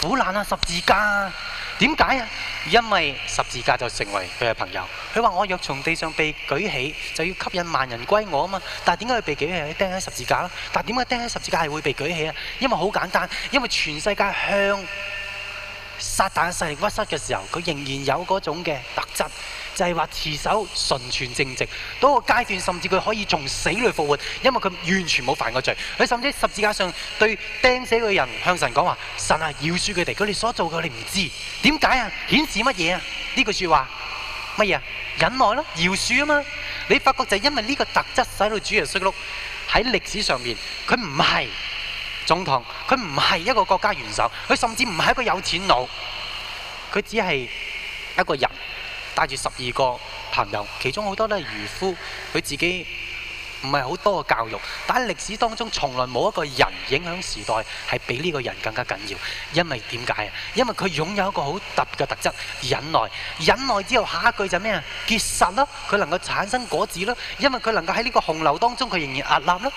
苦難啊，十字架啊。點解啊？因為十字架就成為佢嘅朋友。佢話：我若從地上被舉起，就要吸引萬人歸我啊嘛。但係點解佢被舉起？釘喺十字架啦。但係點解釘喺十字架係會被舉起啊？因為好簡單，因為全世界向撒但勢力屈膝嘅時候，佢仍然有嗰種嘅特質。就係話持守純全正直，到個階段，甚至佢可以從死裏復活，因為佢完全冇犯過罪。佢甚至十字架上對釘死嘅人向神講話：神啊，饒恕佢哋，佢哋所做嘅你唔知。點解啊？顯示乜嘢啊？呢句説話乜嘢啊？忍耐咯，饒恕啊嘛。你發覺就係因為呢個特質，使到主耶穌喺歷史上面，佢唔係總統，佢唔係一個國家元首，佢甚至唔係一個有錢佬，佢只係一個人。帶住十二個朋友，其中好多都係漁夫，佢自己唔係好多嘅教育，但係歷史當中，從來冇一個人影響時代係比呢個人更加緊要，因為點解啊？因為佢擁有一個好特別嘅特質——忍耐。忍耐之後，下一句就係咩啊？結實咯，佢能夠產生果子咯，因為佢能夠喺呢個洪流當中，佢仍然屹立咯。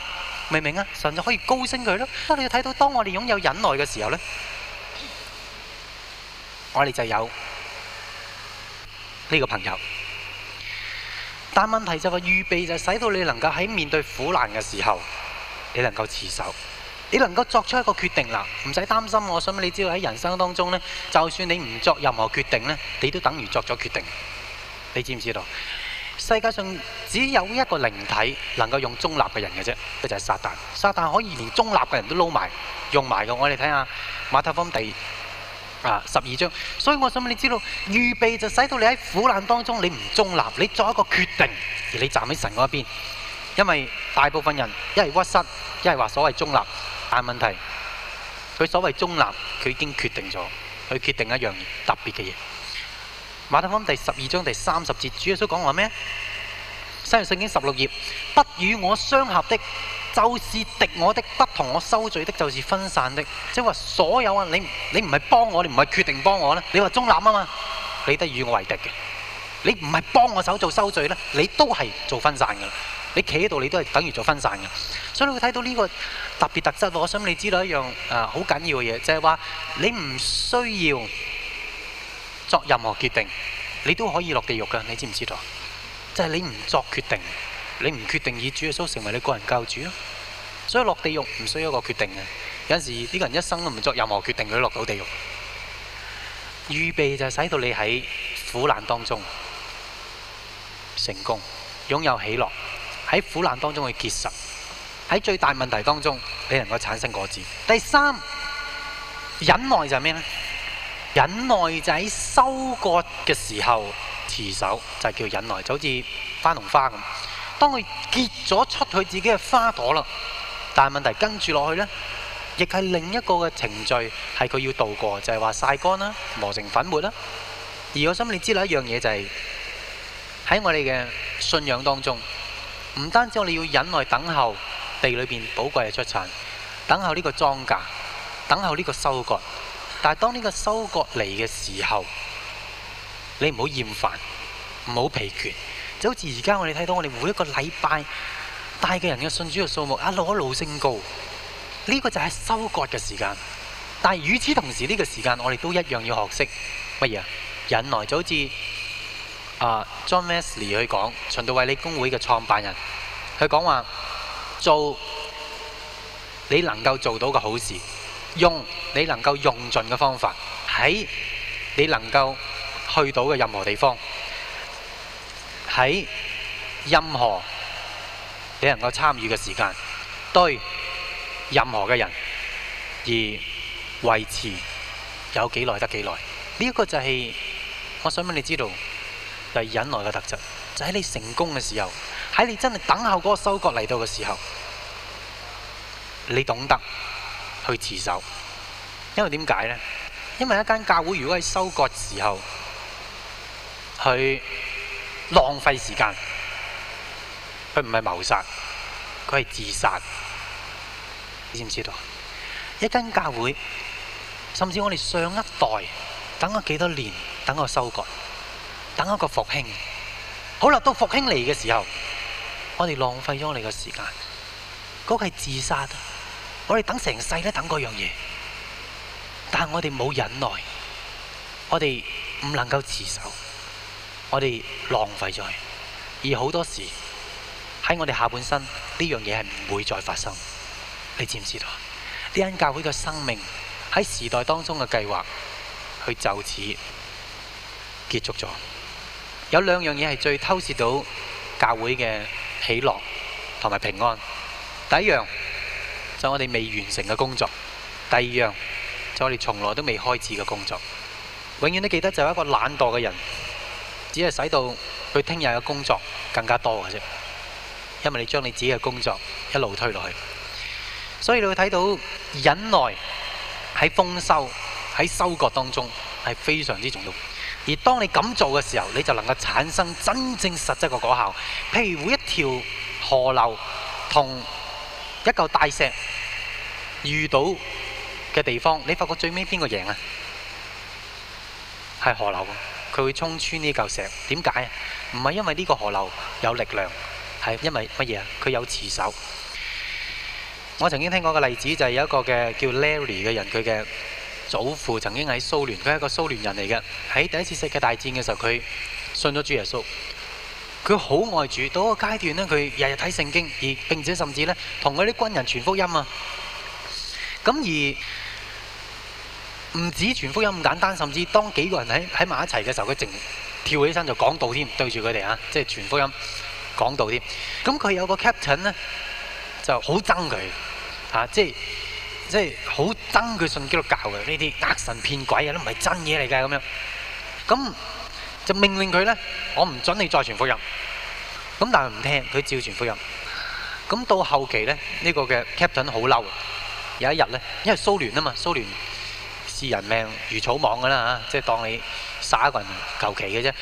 明唔明啊？神就可以高升佢咯。所以睇到當我哋擁有忍耐嘅時候咧，我哋就有。呢個朋友，但問題就係預備就使到你能夠喺面對苦難嘅時候，你能夠持守，你能夠作出一個決定嗱，唔使擔心，我想問你知道喺人生當中呢，就算你唔作任何決定呢，你都等於作咗決定。你知唔知道？世界上只有一個靈體能夠用中立嘅人嘅啫，佢就係撒旦。撒旦可以連中立嘅人都撈埋用埋。我哋睇下馬太福音。啊！十二章，所以我想問你知道，預備就使到你喺苦難當中，你唔中立，你作一個決定，而你站喺神嗰一邊。因為大部分人一係屈膝，一係話所謂中立，但係問題，佢所謂中立，佢已經決定咗，佢決定，決定一樣特別嘅嘢。馬太福音第十二章第三十節，主耶穌講話咩？新約聖經十六頁，不與我相合的。就是敵我的，不同我收罪的，就是分散的。即係話所有啊，你你唔係幫我，你唔係決定幫我咧，你話中立啊嘛，你都與我為敵嘅。你唔係幫我手做收罪呢，你都係做分散噶啦。你企喺度，你都係等於做分散噶。所以你會睇到呢個特別特質。我想你知道一樣誒好緊要嘅嘢，就係話你唔需要作任何決定，你都可以落地獄噶。你知唔知道？就係你唔作決定。你唔決定以主，所以成為你個人救主咯。所以落地獄唔需要一個決定嘅，有陣時呢、這個人一生都唔作任何決定，佢都落到地獄。預備就係使到你喺苦難當中成功，擁有喜樂；喺苦難當中嘅結實；喺最大問題當中，你能夠產生果子。第三忍耐就係咩呢？忍耐就喺收割嘅時候持守，就係、是、叫忍耐，就好似番紅花咁。當佢結咗出去自己嘅花朵啦，但係問題跟住落去呢，亦係另一個嘅程序係佢要度過，就係話晒乾啦，磨成粉末啦。而我心裏知道一樣嘢就係、是、喺我哋嘅信仰當中，唔單止我哋要忍耐等候地裏邊寶貴嘅出產，等候呢個莊稼，等候呢個收割。但係當呢個收割嚟嘅時候，你唔好厭煩，唔好疲倦。就好似而家我哋睇到我哋每一個禮拜帶嘅人嘅信主嘅數目一路一路升高，呢個就係收割嘅時間。但係與此同時，呢個時間我哋都一樣要學識乜嘢啊？忍耐就好似啊 John Wesley 去講，循道衛理公會嘅創辦人，佢講話做你能夠做到嘅好事，用你能夠用盡嘅方法，喺你能夠去到嘅任何地方。喺任何你能夠參與嘅時間，對任何嘅人而維持有幾耐得幾耐？呢、這、一個就係、是、我想俾你知道，就係、是、忍耐嘅特質。就喺、是、你成功嘅時候，喺你真係等候嗰個收割嚟到嘅時候，你懂得去持守。因為點解呢？因為一間教會如果喺收割時候去。浪費時間，佢唔係謀殺，佢係自殺，你知唔知道？一間教會，甚至我哋上一代等咗幾多年，等個收割，等一個復興。好啦，到復興嚟嘅時候，我哋浪費咗我哋嘅時間，嗰個係自殺。我哋等成世都等嗰樣嘢，但係我哋冇忍耐，我哋唔能夠自首。我哋浪費咗，而好多時喺我哋下半生呢樣嘢係唔會再發生，你知唔知道？呢間教會嘅生命喺時代當中嘅計劃，佢就此結束咗。有兩樣嘢係最偷竊到教會嘅喜樂同埋平安。第一樣就我哋未完成嘅工作，第二樣就我哋從來都未開始嘅工作。永遠都記得就有一個懶惰嘅人。只係使到佢聽日嘅工作更加多嘅啫，因為你將你自己嘅工作一路推落去，所以你會睇到忍耐喺豐收喺收割當中係非常之重要。而當你咁做嘅時候，你就能夠產生真正實質嘅果效。譬如每一條河流同一嚿大石遇到嘅地方，你發覺最尾邊個贏啊？係河流。佢會衝穿呢嚿石，點解啊？唔係因為呢個河流有力量，係因為乜嘢啊？佢有持守。我曾經聽過個例子，就係有一個嘅叫 Larry 嘅人，佢嘅祖父曾經喺蘇聯，佢係一個蘇聯人嚟嘅。喺第一次世界大戰嘅時候，佢信咗主耶穌。佢好愛主，到一個階段呢，佢日日睇聖經，而並且甚至呢，同嗰啲軍人傳福音啊。咁而唔止傳福音咁簡單，甚至當幾個人喺喺埋一齊嘅時候，佢淨跳起身就講道添，對住佢哋啊，即係傳福音講道添。咁、啊、佢有個 captain 咧，就好憎佢嚇，即係即係好憎佢信基督教嘅呢啲呃神騙鬼啊，都唔係真嘢嚟㗎咁樣。咁就命令佢咧，我唔准你再傳福音。咁但係唔聽，佢照傳福音。咁到後期咧，呢、這個嘅 captain 好嬲。啊。有一日咧，因為蘇聯啊嘛，蘇聯。治人命如草莽噶啦嚇，即係當你殺一個人求其嘅啫。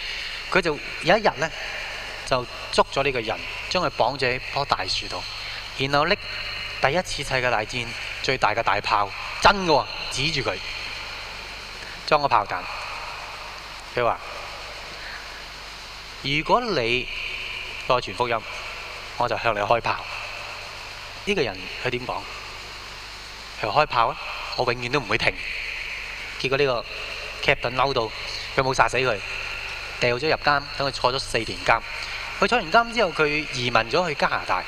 佢就有一日呢，就捉咗呢個人，將佢綁住喺棵大樹度，然後拎第一次世界大戰最大嘅大炮，真嘅喎、哦，指住佢裝個炮彈。佢話：如果你再傳福音，我就向你開炮。呢、這個人佢點講？佢開炮啊！我永遠都唔會停。結果呢個 captain 嬲到，佢冇殺死佢，掉咗入監，等佢坐咗四年監。佢坐完監之後，佢移民咗去加拿大。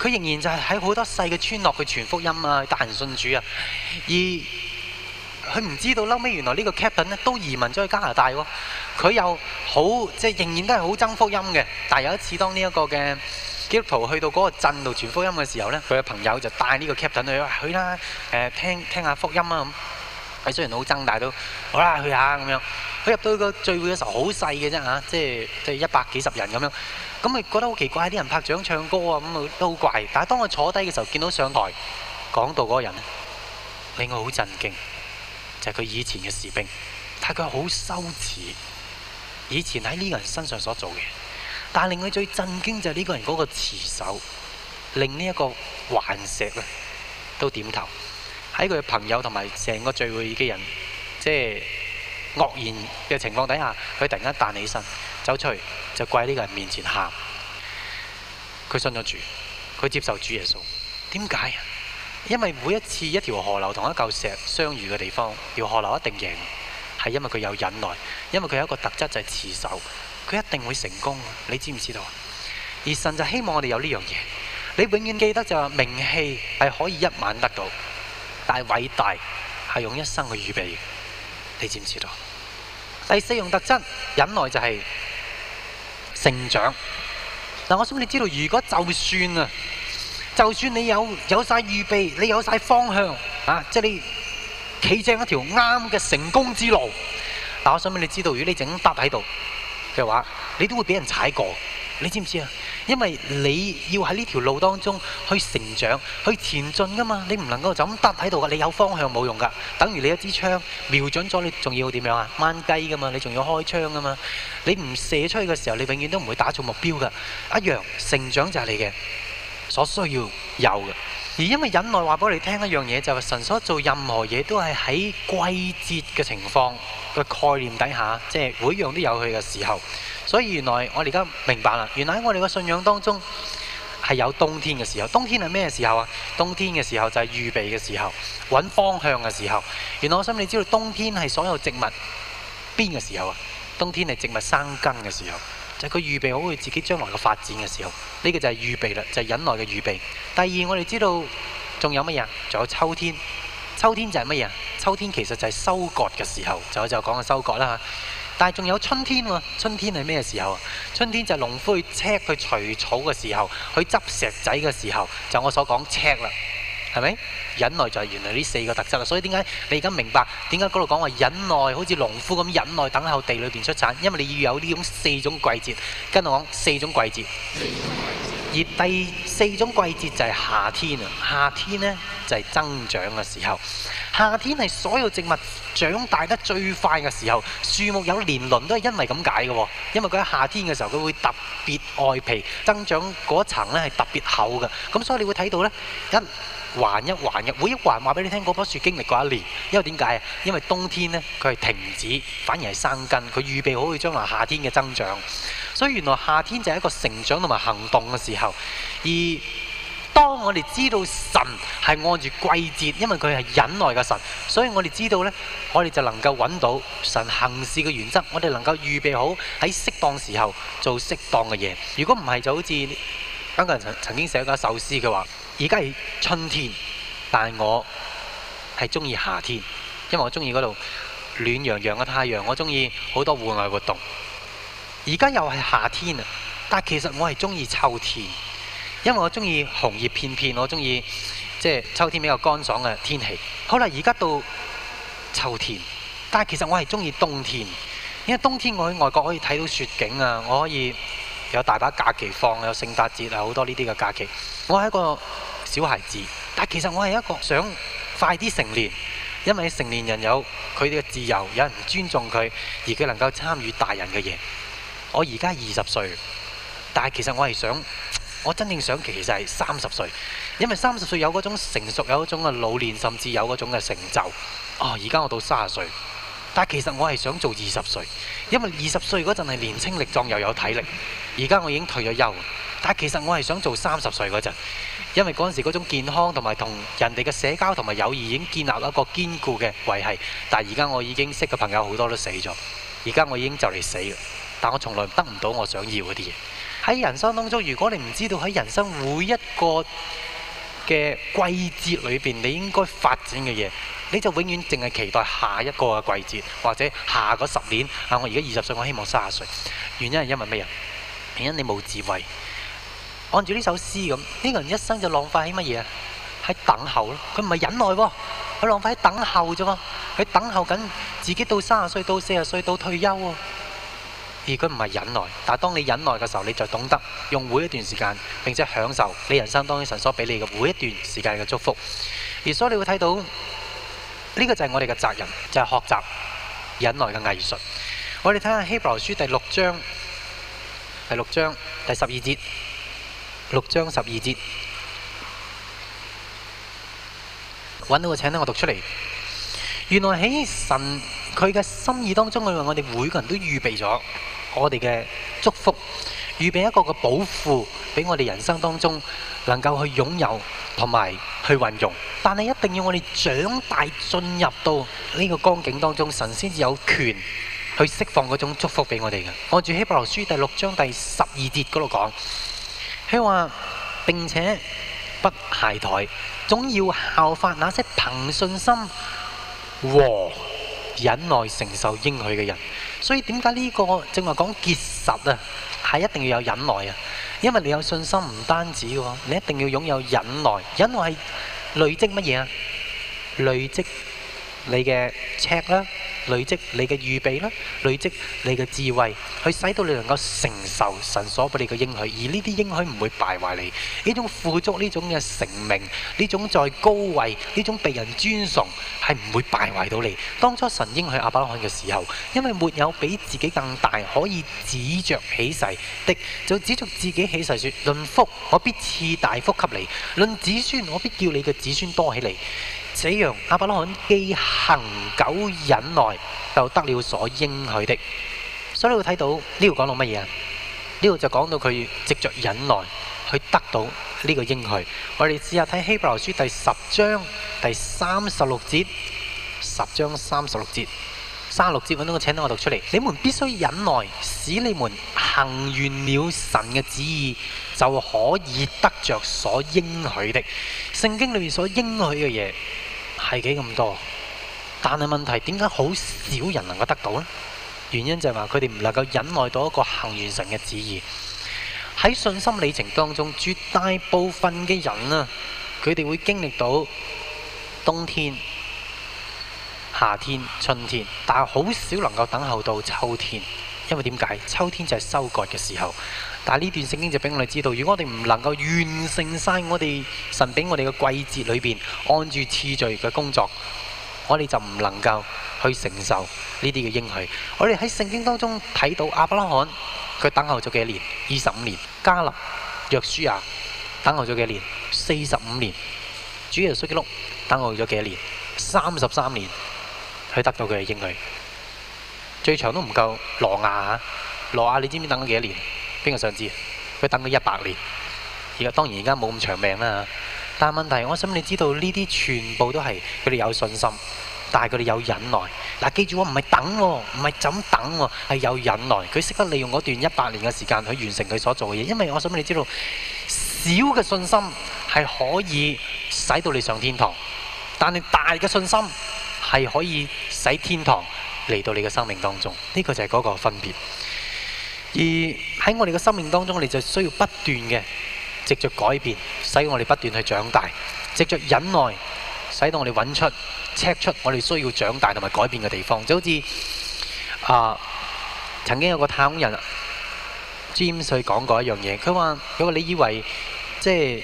佢仍然就係喺好多細嘅村落去傳福音啊，帶人信主啊。而佢唔知道嬲尾，原來個呢個 captain 咧都移民咗去加拿大喎、啊。佢又好，即係仍然都係好憎福音嘅。但係有一次，當呢一個嘅基督徒去到嗰個鎮度傳福音嘅時候咧，佢嘅朋友就帶呢個 captain 去，哇去啦！誒、呃、聽，聽聽下福音啊咁。誒雖然好憎，大都好啦，去下咁樣。佢入到個聚會嘅時候好細嘅啫吓，即係即係一百幾十人咁樣。咁咪覺得好奇怪，啲人拍掌唱歌啊咁，都好怪。但係當我坐低嘅時候，見到上台講道嗰個人，令我好震驚。就係、是、佢以前嘅士兵，但係佢好羞恥以前喺呢個人身上所做嘅。但係令佢最震驚就係呢個人嗰個持手，令呢一個環石咧都點頭。喺佢朋友同埋成個聚會嘅人，即係惡言嘅情況底下，佢突然間彈起身，走出去，就跪喺呢個人面前喊。佢信咗主，佢接受主耶穌。點解啊？因為每一次一條河流同一嚿石石相遇嘅地方，條河流一定贏，係因為佢有忍耐，因為佢有一個特質就係、是、持守，佢一定會成功。你知唔知道？而神就希望我哋有呢樣嘢。你永遠記得就話名氣係可以一晚得到。但係偉大係用一生去預備嘅，你知唔知道？第四樣特質忍耐就係成長。嗱，我想你知道，如果就算啊，就算你有有晒預備，你有晒方向啊，即係你企正一條啱嘅成功之路。嗱，我想問你知道，如果你整搭喺度嘅話，你都會俾人踩過，你知唔知啊？因為你要喺呢條路當中去成長、去前進噶嘛，你唔能夠就咁搭喺度噶，你有方向冇用噶，等於你一支槍瞄準咗，你仲要點樣啊？掹雞噶嘛，你仲要開槍噶嘛？你唔射出去嘅時候，你永遠都唔會打中目標噶。一樣成長就係你嘅，所需要有嘅。而因為忍耐話俾你聽一樣嘢，就係神所做任何嘢都係喺季節嘅情況嘅概念底下，即係每樣都有佢嘅時候。所以原來我哋而家明白啦，原來喺我哋嘅信仰當中係有冬天嘅時候。冬天係咩時候啊？冬天嘅時候就係預備嘅時候，揾方向嘅時候。原來我心裏知道冬天係所有植物邊嘅時候啊！冬天係植物生根嘅時候，就係佢預備好佢自己將來嘅發展嘅時候。呢、這個就係預備啦，就係忍耐嘅預備。第二，我哋知道仲有乜嘢？仲有秋天。秋天就係乜嘢？秋天其實就係收割嘅時候。就就講個收割啦。但係仲有春天喎、啊，春天係咩時候啊？春天就係農夫去 check 去除草嘅時候，去執石仔嘅時候，就我所講 check 啦。係咪忍耐就係原來呢四個特質啦？所以點解你而家明白點解嗰度講話忍耐，好似農夫咁忍耐等候地裏邊出產，因為你要有呢種四種季節。跟我講四種季節，而第四種季節就係夏天啊！夏天咧就係增長嘅時候，夏天係所有植物長大得最快嘅時候。樹木有年輪都係因為咁解嘅喎，因為佢喺夏天嘅時候佢會特別外皮增長嗰層咧係特別厚嘅，咁所以你會睇到咧一。環一環嘅，每一環話俾你聽，嗰棵樹經歷過一年，因為點解啊？因為冬天呢，佢係停止，反而係生根，佢預備好去將來夏天嘅增長。所以原來夏天就係一個成長同埋行動嘅時候。而當我哋知道神係按住季節，因為佢係忍耐嘅神，所以我哋知道呢，我哋就能夠揾到神行事嘅原則，我哋能夠預備好喺適當時候做適當嘅嘢。如果唔係，就好似。香港人曾曾經寫過一首詩嘅話，而家係春天，但我係中意夏天，因為我中意嗰度暖洋洋嘅太陽，我中意好多戶外活動。而家又係夏天啊，但其實我係中意秋天，因為我中意紅葉片片，我中意即係秋天比較乾爽嘅天氣。好啦，而家到秋天，但其實我係中意冬天，因為冬天我喺外國可以睇到雪景啊，我可以。有大把假期放，有聖誕節啊，好多呢啲嘅假期。我係一個小孩子，但其實我係一個想快啲成年，因為成年人有佢哋嘅自由，有人尊重佢，而佢能夠參與大人嘅嘢。我而家二十歲，但係其實我係想，我真正想其實係三十歲，因為三十歲有嗰種成熟，有一種嘅老練，甚至有嗰種嘅成就。哦，而家我到三十歲，但其實我係想做二十歲，因為二十歲嗰陣係年輕力壯，又有體力。而家我已經退咗休，但係其實我係想做三十歲嗰陣，因為嗰陣時嗰種健康同埋同人哋嘅社交同埋友誼已經建立一個堅固嘅維繫。但係而家我已經識嘅朋友好多都死咗，而家我已經就嚟死，但我從來得唔到我想要嗰啲嘢。喺人生當中，如果你唔知道喺人生每一個嘅季節裏邊，你應該發展嘅嘢，你就永遠淨係期待下一個嘅季節，或者下嗰十年。啊，我而家二十歲，我希望三十歲。原因係因為咩啊？因你冇智慧，按住呢首詩咁，呢個人一生就浪費喺乜嘢啊？喺等候咯，佢唔係忍耐喎，佢浪費喺等候啫喎，佢等候緊自己到三十歲、到四十歲、到退休喎。而佢唔係忍耐，但係當你忍耐嘅時候，你就懂得用每一段時間，並且享受你人生當中神所俾你嘅每一段時間嘅祝福。而所以你會睇到呢個就係我哋嘅責任，就係學習忍耐嘅藝術。我哋睇下希伯來書第六章。第六章第十二節，六章十二節，揾到個請呢，我讀出嚟。原來喺神佢嘅心意當中，我哋每個人都預備咗我哋嘅祝福，預備一個嘅保護，俾我哋人生當中能夠去擁有同埋去運用。但係一定要我哋長大進入到呢個光景當中，神先至有權。去釋放嗰種祝福俾我哋嘅。按住希伯來書第六章第十二節嗰度講，佢話，並且不懈怠，總要效法那些憑信心和忍耐承受應許嘅人。所以點解呢個正話講結實啊，係一定要有忍耐啊。因為你有信心唔單止嘅喎，你一定要擁有忍耐。忍耐係累積乜嘢啊？累積。你嘅尺啦，累積你嘅預備啦，累積，累積你嘅智慧，去使到你能夠承受神所俾你嘅應許，而呢啲應許唔會敗壞你。呢種富足，呢種嘅成名，呢種在高位，呢種被人尊崇，係唔會敗壞到你。當初神應許亞伯罕嘅時候，因為沒有比自己更大可以指著起誓的，就指著自己起誓説：論福，我必賜大福給你；論子孫，我必叫你嘅子孫多起嚟。這樣，亞伯拉罕既恆久忍耐，就得了所應許的。所以你會睇到呢度講到乜嘢啊？呢度就講到佢藉着忍耐，去得到呢個應許。我哋試下睇希伯來書第十章第三十六節，十章三十六節，三十六節，搵到個請到我讀出嚟。你們必須忍耐，使你們行完了了神嘅旨意，就可以得着所應許的。聖經裏面所應許嘅嘢。係幾咁多，但係問題點解好少人能夠得到呢？原因就係話佢哋唔能夠忍耐到一個行完神嘅旨意。喺信心里程當中，絕大部分嘅人啊，佢哋會經歷到冬天、夏天、春天，但係好少能夠等候到秋天，因為點解？秋天就係收割嘅時候。但係呢段聖經就俾我哋知道，如果我哋唔能夠完成晒我哋神俾我哋嘅季節裏邊按住次序嘅工作，我哋就唔能夠去承受呢啲嘅應許。我哋喺聖經當中睇到亞伯拉罕，佢等候咗幾年？二十五年。加勒、約書亞等候咗幾年？四十五年。主耶穌基督等候咗幾年？三十三年，去得到佢嘅應許。最長都唔夠羅亞嚇。羅亞你知唔知等咗幾多年？邊個想知？佢等咗一百年。而家當然而家冇咁長命啦。但係問題，我想你知道呢啲全部都係佢哋有信心，但係佢哋有忍耐。嗱，記住我唔係等，唔係就咁等，係有忍耐。佢識得利用嗰段一百年嘅時間去完成佢所做嘅嘢。因為我想你知道，小嘅信心係可以使到你上天堂，但係大嘅信心係可以使天堂嚟到你嘅生命當中。呢個就係嗰個分別。而喺我哋嘅生命當中，我哋就需要不斷嘅藉着改變，使我哋不斷去長大；藉着忍耐，使到我哋搵出、check 出我哋需要長大同埋改變嘅地方。就好似啊、呃，曾經有個太空人 James 去講過一樣嘢，佢話：佢話你以為即係誒、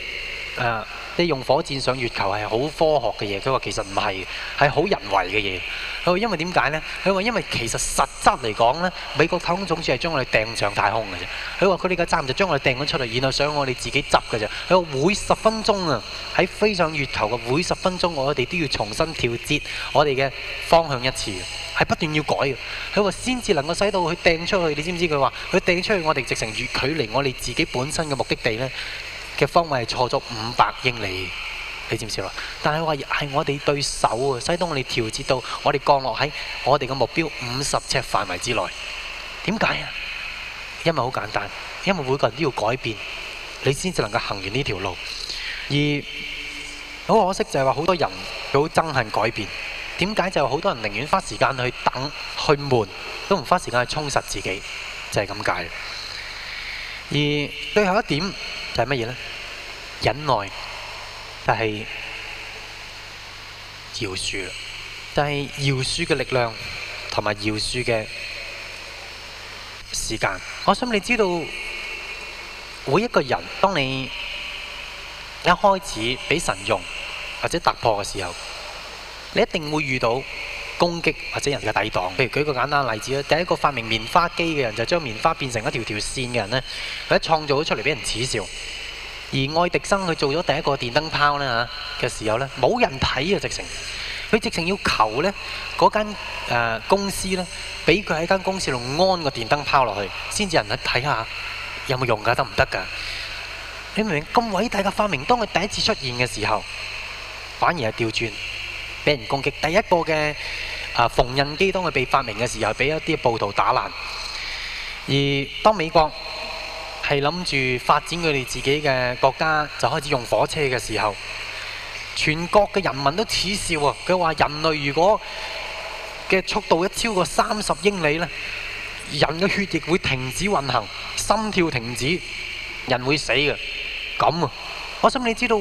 呃，你用火箭上月球係好科學嘅嘢，佢話其實唔係，係好人為嘅嘢。佢話：因為點解呢？佢話因為其實實質嚟講呢，美國太空總署係將我哋掟上太空嘅啫。佢話佢哋嘅站就將我哋掟咗出嚟，然後想我哋自己執嘅啫。佢話每十分鐘啊，喺飛上月球嘅每十分鐘，我哋都要重新調節我哋嘅方向一次，係不斷要改嘅。佢話先至能夠使到佢掟出去，你知唔知佢話佢掟出去我，我哋直情月距離我哋自己本身嘅目的地呢，嘅方位係錯咗五百英里。佢接受但係話係我哋對手啊，所以當我哋調節到我哋降落喺我哋嘅目標五十尺範圍之內，點解啊？因為好簡單，因為每個人都要改變，你先至能夠行完呢條路。而好可惜就係話好多人都憎恨改變，點解就係好多人寧願花時間去等去悶，都唔花時間去充實自己，就係咁解。而最後一點就係乜嘢呢？忍耐。就係饒恕，就係、是、饒恕嘅力量同埋饒恕嘅時間，我想你知道，每一個人當你一開始俾神用或者突破嘅時候，你一定會遇到攻擊或者人嘅抵擋。譬如舉一個簡單例子啦，第一個發明棉花機嘅人就將棉花變成一條條線嘅人咧，佢一創造咗出嚟俾人恥笑。而愛迪生佢做咗第一個電燈泡呢嚇嘅時候呢，冇人睇啊！直情佢直情要求呢嗰間誒公司呢，俾佢喺間公司度安個電燈泡落去，先至人去睇下有冇用㗎，得唔得㗎？你明唔明？咁偉大嘅發明，當佢第一次出現嘅時候，反而係掉轉俾人攻擊。第一個嘅啊縫紉機，當佢被發明嘅時候，俾一啲暴徒打爛。而當美國係諗住發展佢哋自己嘅國家就開始用火車嘅時候，全國嘅人民都恥笑啊！佢話人類如果嘅速度一超過三十英里呢，人嘅血液會停止運行，心跳停止，人會死嘅。咁啊，我想你知道。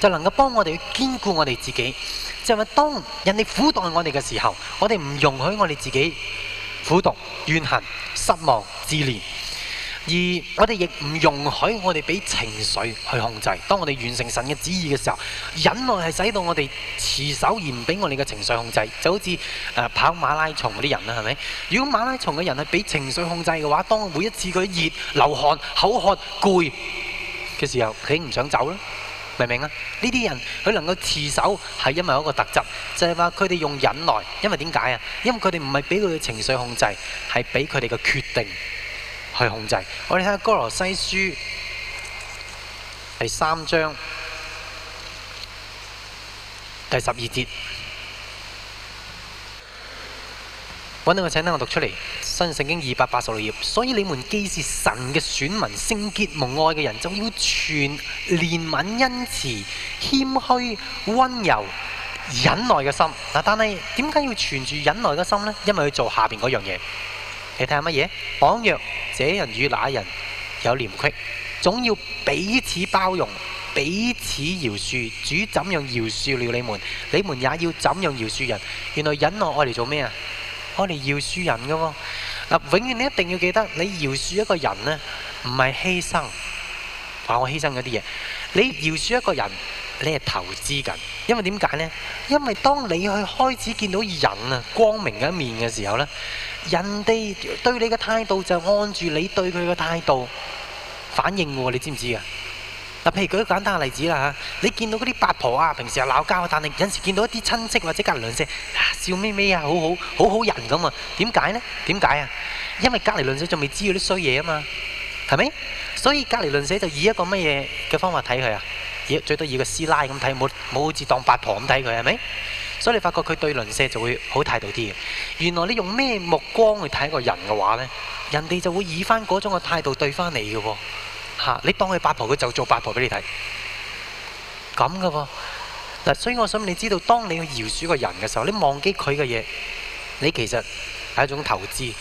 就能夠幫我哋堅固我哋自己，就係當人哋苦待我哋嘅時候，我哋唔容許我哋自己苦毒、怨恨、失望、自憐，而我哋亦唔容許我哋俾情緒去控制。當我哋完成神嘅旨意嘅時候，忍耐係使到我哋持守而唔俾我哋嘅情緒控制，就好似誒跑馬拉松嗰啲人啦，係咪？如果馬拉松嘅人係俾情緒控制嘅話，當每一次佢熱、流汗、口渴、攰嘅時候，佢唔想走啦？明唔明啊？呢啲人佢能夠持守係因為有一個特質，就係話佢哋用忍耐。因為點解啊？因為佢哋唔係俾佢嘅情緒控制，係俾佢哋嘅決定去控制。我哋睇下哥羅西書第三章第十二節。揾到個，請聽我讀出嚟。新聖經二百八十六頁，所以你們既是神嘅選民，聖潔蒙愛嘅人，就要存憐憫恩慈、謙虛溫柔、忍耐嘅心。嗱，但係點解要存住忍耐嘅心呢？因為佢要做下邊嗰樣嘢。你睇下乜嘢？倘若這人與那人有嫌隙，總要彼此包容，彼此饒恕。主怎樣饒恕了你們，你們也要怎樣饒恕人。原來忍耐愛嚟做咩啊？我哋饒恕人嘅喎，嗱，永遠你一定要記得，你饒恕一個人呢，唔係犧牲，話我犧牲嗰啲嘢，你饒恕一個人，你係投資緊，因為點解呢？因為當你去開始見到人啊光明嘅一面嘅時候呢，人哋對你嘅態度就按住你對佢嘅態度反應嘅，你知唔知啊？嗱，譬如舉個簡單嘅例子啦嚇，你見到嗰啲八婆啊，平時又鬧交，但係有時見到一啲親戚或者隔離鄰舍，啊，笑眯眯啊，好好好好人咁啊，點解呢？點解啊？因為隔離鄰舍仲未知道啲衰嘢啊嘛，係咪？所以隔離鄰舍就以一個乜嘢嘅方法睇佢啊？以最多以個師奶咁睇，冇冇好似當八婆咁睇佢，係咪？所以你發覺佢對鄰舍就會好態度啲嘅。原來你用咩目光去睇一個人嘅話呢，人哋就會以翻嗰種嘅態度對翻你嘅喎。啊、你當佢八婆，佢就做八婆俾你睇，咁噶喎。嗱、啊，所以我想你知道，當你去饒恕一個人嘅時候，你忘記佢嘅嘢，你其實係一種投資。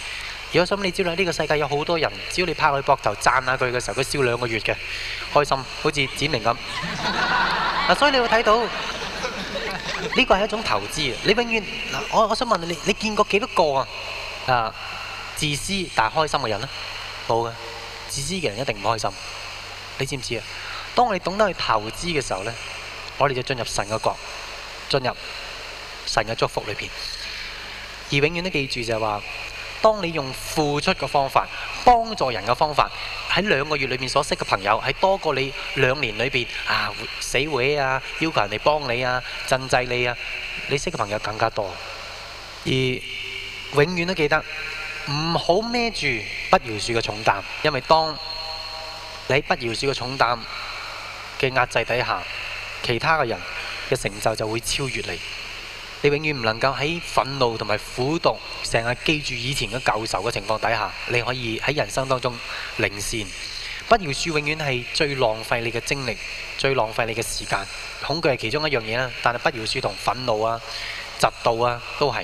如、啊、果想你知道呢個世界有好多人，只要你拍佢膊頭讚下佢嘅時候，佢笑兩個月嘅開心，好似展明咁。嗱、 [LAUGHS] 啊，所以你會睇到呢個係一種投資，你永遠嗱、啊，我我想問你，你，你見過幾多個啊，啊？自私但係開心嘅人呢？冇嘅。自私嘅人一定唔開心，你知唔知啊？當我哋懂得去投資嘅時候呢，我哋就進入神嘅國，進入神嘅祝福裏邊。而永遠都記住就係話，當你用付出嘅方法幫助人嘅方法，喺兩個月裏面所識嘅朋友，係多過你兩年裏邊啊死會啊要求人哋幫你啊、賑濟你啊，你識嘅朋友更加多。而永遠都記得。唔好孭住不饒恕嘅重擔，因為當你喺不饒恕嘅重擔嘅壓制底下，其他嘅人嘅成就就會超越你。你永遠唔能夠喺憤怒同埋苦毒，成日記住以前嘅舊仇嘅情況底下，你可以喺人生當中領先。不饒恕永遠係最浪費你嘅精力，最浪費你嘅時間。恐懼係其中一樣嘢啦，但係不饒恕同憤怒啊、嫉妒啊，都係。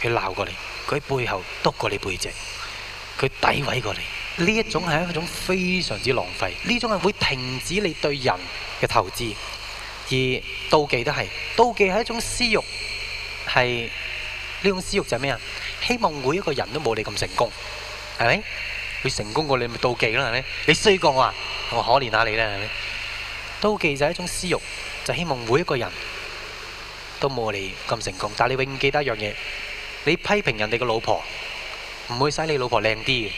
佢鬧過你，佢喺背後篤過你背脊，佢詆毀過你。呢一種係一種非常之浪費，呢種係會停止你對人嘅投資。而妒忌都係，妒忌係一種私慾，係呢種私慾就係咩啊？希望每一個人都冇你咁成功，係咪？佢成功過你，咪妒忌啦，係咪？你衰過我，我可憐下你啦，係咪？妒忌就係一種私慾，就係希望每一個人都冇你咁成功。但係你永記得一樣嘢。你批評人哋個老婆，唔會使你老婆靚啲嘅，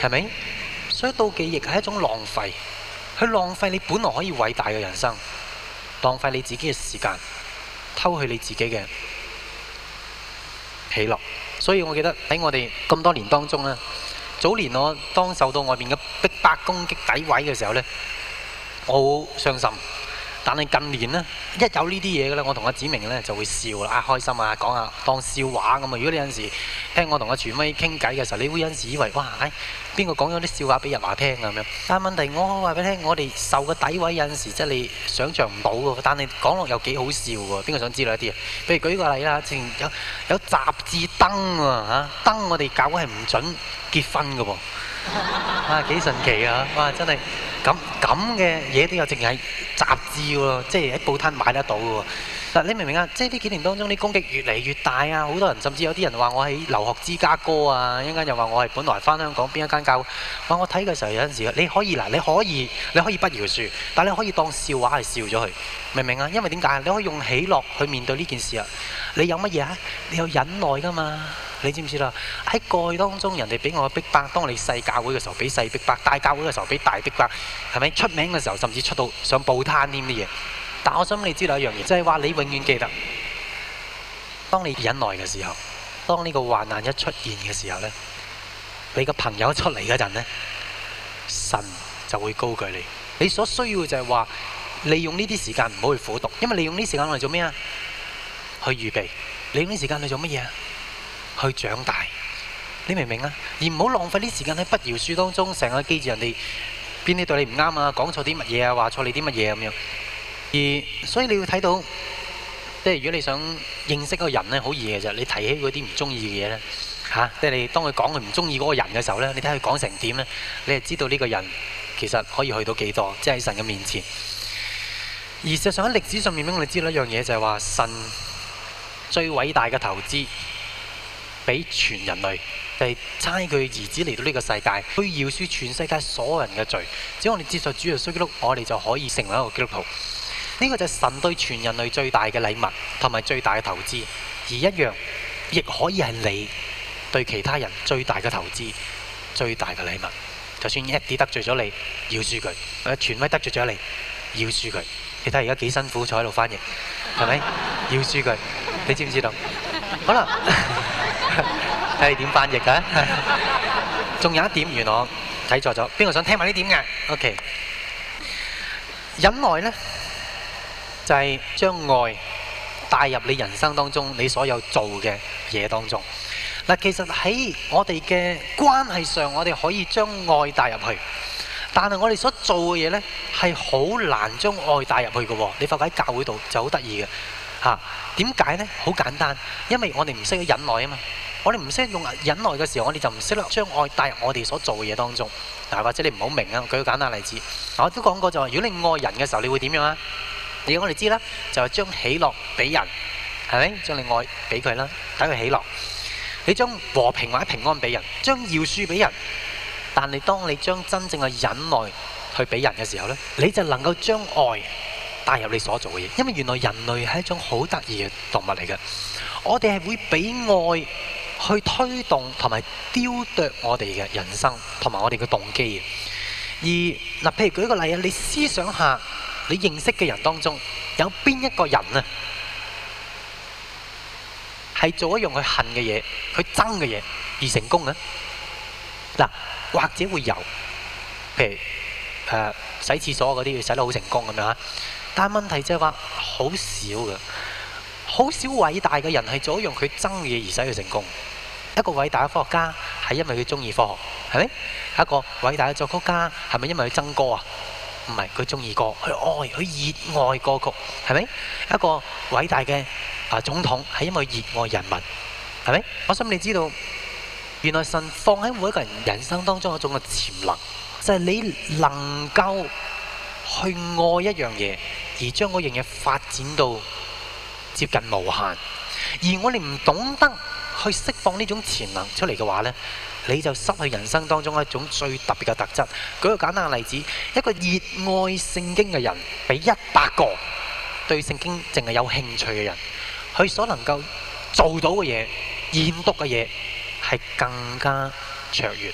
係咪？所以妒忌亦係一種浪費，去浪費你本來可以偉大嘅人生，浪費你自己嘅時間，偷去你自己嘅喜樂。所以我記得喺我哋咁多年當中咧，早年我當受到外面嘅逼迫、攻擊、詆毀嘅時候呢，我好傷心。但係近年呢，一有呢啲嘢嘅咧，我同阿子明咧就會笑啦，啊開心啊，講下，當笑話咁啊。如果你有陣時聽我同阿廚妹傾偈嘅時候，你會有陣時以為哇，邊個講咗啲笑話俾人話聽咁樣。但係問題我話俾你聽，我哋受個底位有陣時真係想像唔到嘅。但係講落又幾好笑喎？邊個想知道一啲啊？譬如舉個例啦，有有雜誌登喎嚇，登我哋搞係唔準結婚嘅喎。 [LAUGHS] 哇，幾神奇啊！哇，真係咁咁嘅嘢都有，淨係雜誌喎，即係喺報攤買得到嘅喎。嗱，你明唔明啊？即係呢幾年當中，啲攻擊越嚟越大啊！好多人，甚至有啲人話我係留學芝加哥啊，一陣間又話我係本來返香港邊一間教。我睇嘅時候有陣時你，你可以嗱，你可以你可以不饒恕，但你可以當笑話係笑咗佢，明唔明啊？因為點解你可以用喜樂去面對呢件事啊！你有乜嘢啊？你有忍耐㗎嘛？你知唔知啦？喺過去當中，人哋俾我逼迫，當你細教會嘅時候俾細逼迫，大教會嘅時候俾大逼迫，係咪？出名嘅時候，甚至出到想報攤添啲嘢。但我想你知道一樣嘢，就係話你永遠記得，當你忍耐嘅時候，當呢個患難一出現嘅時候咧，你個朋友出嚟嗰陣咧，神就會高舉你。你所需要就係話，利用呢啲時間唔好去苦讀，因為利用呢啲時間嚟做咩啊？去預備。利用呢時間去做乜嘢啊？去長大。你明唔明啊？而唔好浪費啲時間喺不饒恕當中，成日記住人哋邊啲對你唔啱啊？講錯啲乜嘢啊？話錯你啲乜嘢咁樣。而所以你要睇到，即係如果你想認識嗰個人呢，好易嘅就你提起嗰啲唔中意嘅嘢呢。吓、啊，即係你當佢講佢唔中意嗰個人嘅時候呢，你睇佢講成點呢？你係知道呢個人其實可以去到幾多，即係喺神嘅面前。而事實上喺歷史上面咧，我哋知道一樣嘢就係話神最偉大嘅投資，俾全人類，就係差佢兒子嚟到呢個世界，去饒恕全世界所有人嘅罪。只要我哋接受主耶穌基督，我哋就可以成為一個基督徒。呢個就係神對全人類最大嘅禮物同埋最大嘅投資，而一樣亦可以係你對其他人最大嘅投資、最大嘅禮物。就算一啲得罪咗你，要恕佢；或者權威得罪咗你，要恕佢。你睇而家幾辛苦坐喺度翻譯，係咪？ [LAUGHS] 要恕佢，你知唔知道？好啦，睇 [LAUGHS] 你點翻譯㗎？仲 [LAUGHS] 有一點，原來我睇錯咗。邊個想聽埋呢點嘅？OK，忍耐呢。就係將愛帶入你人生當中，你所有做嘅嘢當中。嗱，其實喺我哋嘅關係上，我哋可以將愛帶入去，但係我哋所做嘅嘢咧，係好難將愛帶入去嘅。你發覺喺教會度就好得意嘅吓，點解咧？好簡單，因為我哋唔識得忍耐啊嘛。我哋唔識得用忍耐嘅時候，我哋就唔識得將愛帶入我哋所做嘅嘢當中。嗱，或者你唔好明啊。舉個簡單例子，我都講過就話，如果你愛人嘅時候，你會點樣啊？我哋知啦，就係、是、將喜樂俾人，係咪？將你愛俾佢啦，等佢喜樂。你將和平或者平安俾人，將饒恕俾人，但係當你將真正嘅忍耐去俾人嘅時候咧，你就能夠將愛帶入你所做嘅嘢。因為原來人類係一種好得意嘅動物嚟嘅，我哋係會俾愛去推動同埋雕琢我哋嘅人生同埋我哋嘅動機嘅。而嗱，譬如舉一個例啊，你思想下。你認識嘅人當中，有邊一個人啊，係做一樣佢恨嘅嘢，佢憎嘅嘢而成功嘅？嗱，或者會有，譬如誒洗廁所嗰啲，洗得好成功咁樣！但問題即係話，好少嘅，好少偉大嘅人係做一樣佢憎嘅嘢而使佢成功。一個偉大嘅科學家係因為佢中意科學，係咪？一個偉大嘅作曲家係咪因為佢憎歌啊？唔係，佢中意歌，佢愛，佢熱愛歌曲，係咪？一個偉大嘅啊總統，係因為熱愛人民，係咪？我想你知道，原來神放喺每一個人人生當中有一種嘅潛能，就係、是、你能夠去愛一樣嘢，而將嗰樣嘢發展到接近無限。而我哋唔懂得去釋放呢種潛能出嚟嘅話呢。你就失去人生當中一種最特別嘅特質。舉個簡單嘅例子，一個熱愛聖經嘅人，比一百個對聖經淨係有興趣嘅人，佢所能夠做到嘅嘢、研讀嘅嘢，係更加卓越、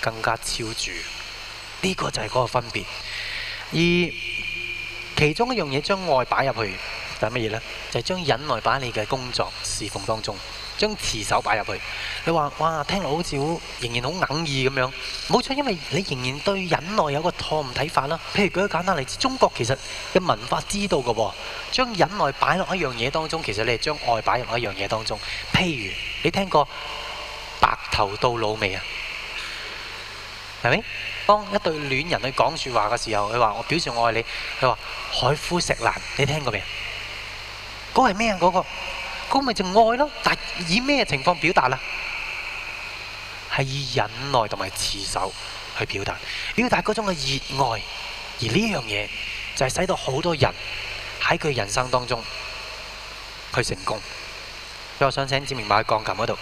更加超絕。呢個就係嗰個分別。而其中一樣嘢將愛擺入去，就係乜嘢咧？就係將忍耐擺喺你嘅工作侍奉當中。將持手擺入去，你話哇，聽落好似好仍然好哽耳咁樣。冇錯，因為你仍然對忍耐有個錯誤睇法啦。譬如舉個簡單例子，中國其實嘅文化知道㗎喎，將忍耐擺落一樣嘢當中，其實你係將愛擺入喺一樣嘢當中。譬如你聽過白頭到老未啊？係咪？當一對戀人去講説話嘅時候，佢話我表示我愛你，佢話海枯石爛，你聽過未？嗰係咩？嗰個？咁咪就愛咯，但係以咩情況表達啦？係以忍耐同埋持守去表達，表達嗰種嘅熱愛。而呢樣嘢就係使到好多人喺佢人生當中去成功。所以我想請志明馬喺鋼琴嗰度。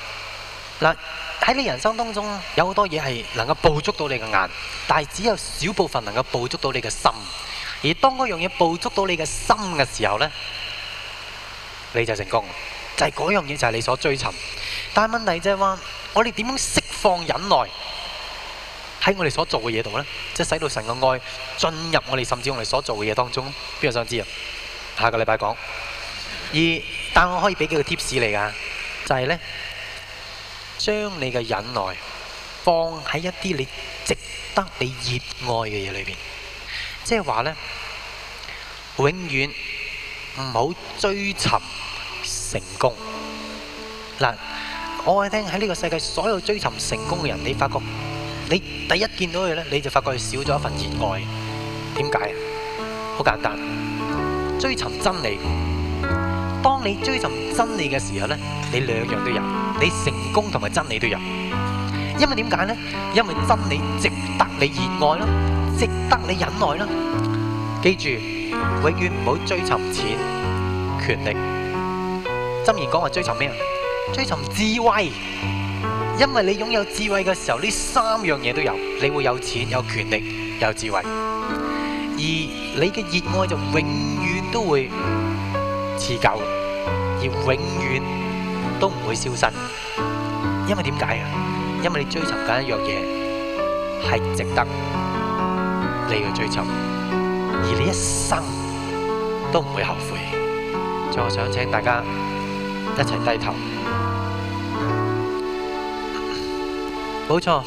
嗱，喺你人生當中，有好多嘢係能夠捕捉到你嘅眼，但係只有少部分能夠捕捉到你嘅心。而當嗰樣嘢捕捉到你嘅心嘅時候咧，你就成功。就係嗰樣嘢，就係你所追尋。但係問題即係話，我哋點樣釋放忍耐喺我哋所做嘅嘢度呢？即係使到神嘅愛進入我哋，甚至我哋所做嘅嘢當中。邊個想知啊？下個禮拜講。而但我可以俾幾個 tips 嚟噶，就係呢：將你嘅忍耐放喺一啲你值得你熱愛嘅嘢裏邊。即係話呢，永遠唔好追尋。成功嗱，我去聽喺呢個世界所有追尋成功嘅人，你發覺你第一見到佢咧，你就發覺佢少咗一份熱愛。點解？好簡單，追尋真理。當你追尋真理嘅時候咧，你兩樣都有，你成功同埋真理都有。因為點解呢？因為真理值得你熱愛啦，值得你忍耐啦。記住，永遠唔好追尋錢、權力。今年講話追求咩啊？追求智慧，因為你擁有智慧嘅時候，呢三樣嘢都有，你會有錢、有權力、有智慧，而你嘅熱愛就永遠都會持久，而永遠都唔會消失。因為點解啊？因為你追尋緊一樣嘢係值得你去追尋，而你一生都唔會後悔。咁我想請大家。一齊低頭，冇錯，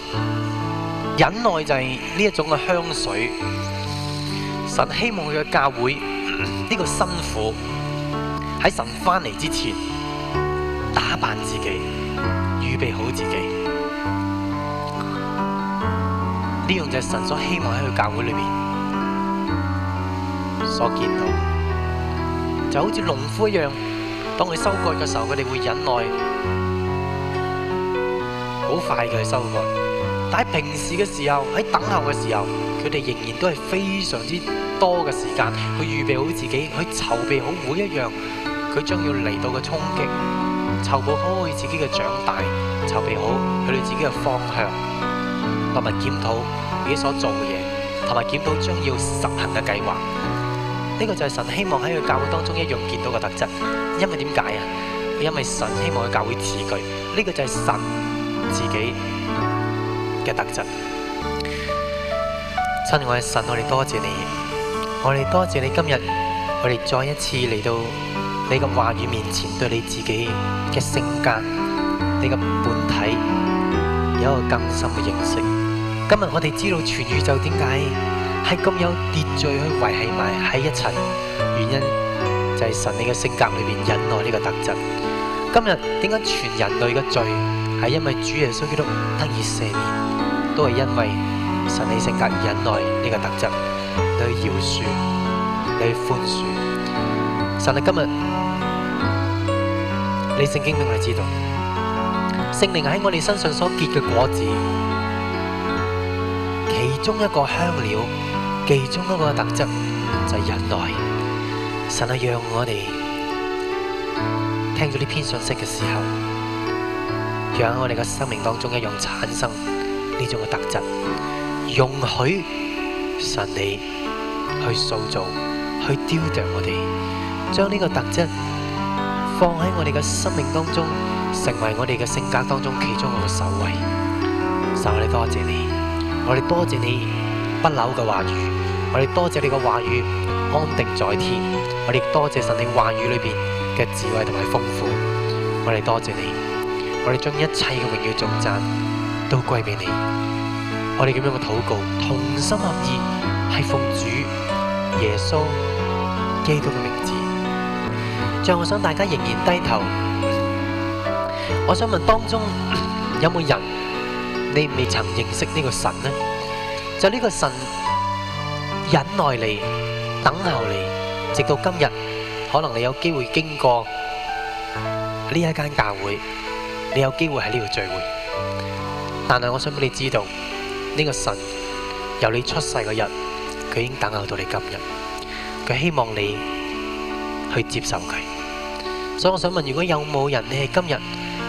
忍耐就係呢一種嘅香水。神希望佢嘅教會呢個新婦喺神翻嚟之前打扮自己，預備好自己，呢樣就係神所希望喺佢教會裏邊所見到，就好似農夫一樣。當佢收割嘅時候，佢哋會忍耐，好快嘅去收割。但係平時嘅時候，喺等候嘅時候，佢哋仍然都係非常之多嘅時間去預備好自己，去籌備好每一樣佢將要嚟到嘅衝擊，籌備好佢自己嘅長大，籌備好佢哋自己嘅方向，同埋檢討自己所做嘅嘢，同埋檢討將要實行嘅計劃。呢個就係神希望喺佢教會當中一樣見到嘅特質，因為點解啊？因為神希望佢教會自佢，呢、這個就係神自己嘅特質。親愛嘅神，我哋多謝你，我哋多謝你今日，我哋再一次嚟到你嘅話語面前，對你自己嘅性格、你嘅本體有一個更深嘅認識。今日我哋知道全宇宙點解？係咁有秩序去維繫埋喺一齊，原因就係神你嘅性格裏邊忍耐呢個特質。今日點解全人類嘅罪係因為主耶穌基督得以赦免，都係因為神你性格而忍耐呢個特質，去饒恕、去寬恕。神你今日，你聖經俾我哋知道，聖靈喺我哋身上所結嘅果子，其中一個香料。其中一個特質就係忍耐，神啊，讓我哋聽到呢篇信息嘅時候，讓我哋嘅生命當中一樣產生呢種嘅特質，容許神你去塑造、去雕琢我哋，將呢個特質放喺我哋嘅生命當中，成為我哋嘅性格當中其中一個首位。神啊，我哋多謝你，我哋多謝你。不朽嘅話語，我哋多謝你嘅話語安定在天，我哋多謝神你話語裏邊嘅智慧同埋豐富，我哋多謝你，我哋將一切嘅榮耀頌讚都歸俾你，我哋咁樣嘅禱告，同心合意係奉主耶穌基督嘅名字。像我想大家仍然低頭，我想問當中有冇人你未曾認識呢個神呢？就呢個神忍耐你，等候你，直到今日，可能你有機會經過呢一間教會，你有機會喺呢度聚會。但係我想俾你知道，呢個神由你出世嗰日，佢已經等候到你今日，佢希望你去接受佢。所以我想問，如果有冇人你係今日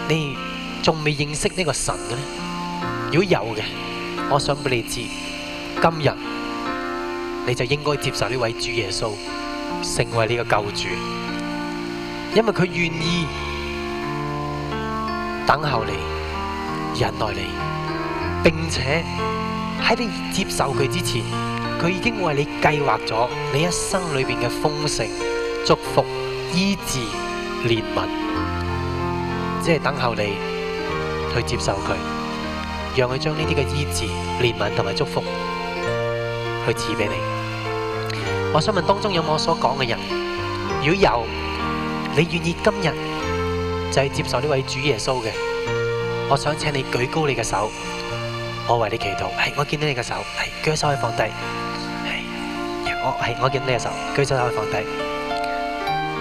你仲未認識呢個神嘅咧？如果有嘅，我想俾你知。今日你就應該接受呢位主耶穌，成為你個救主，因為佢願意等候你、忍耐你，並且喺你接受佢之前，佢已經為你計劃咗你一生裏邊嘅豐盛、祝福、醫治、憐憫，即係等候你去接受佢，讓佢將呢啲嘅醫治、憐憫同埋祝福。去賜俾你。我想問當中有冇我所講嘅人？如果有，你願意今日就係接受呢位主耶穌嘅？我想請你舉高你嘅手。我為你祈禱。係，我見到你嘅手。係，舉手可以放低。係，我係我見到你嘅手，舉手可以放低。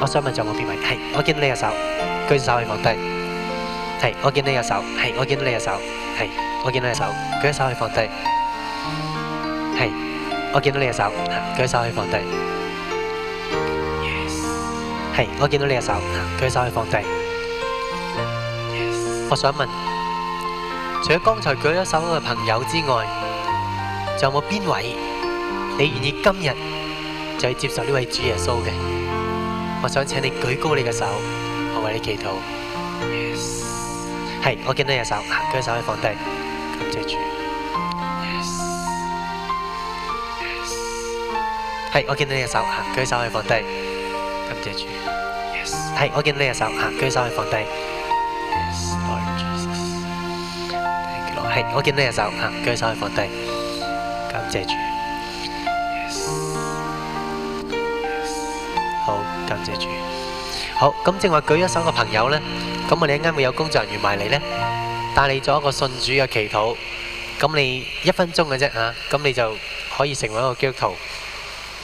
我想問仲有冇邊位，係，我見到你嘅手，舉手可以放低。係，我見到你嘅手。係，我見到你嘅手。係，我見到你嘅手，舉手可以放低。我見到你嘅手，舉手可以放低。係，我見到你嘅手，舉手可以放低。我想問，除咗剛才舉咗手嘅朋友之外，仲有冇邊位你願意今日就係接受呢位主耶穌嘅？我想請你舉高你嘅手，我為你祈禱。係，我見到你嘅手，舉手可以放低。感謝主。係，我見到你隻手吓，舉手可以放低，感謝主。係，我見到你隻手吓，舉手可以放低。來，係，我見到你隻手吓，舉手可以放低，感謝主。好，感謝主。好，咁正話舉一手嘅朋友咧，咁我哋一陣會有工作人員埋嚟咧，帶你做一個信主嘅祈禱，咁你一分鐘嘅啫吓，咁你就可以成為一個基督徒。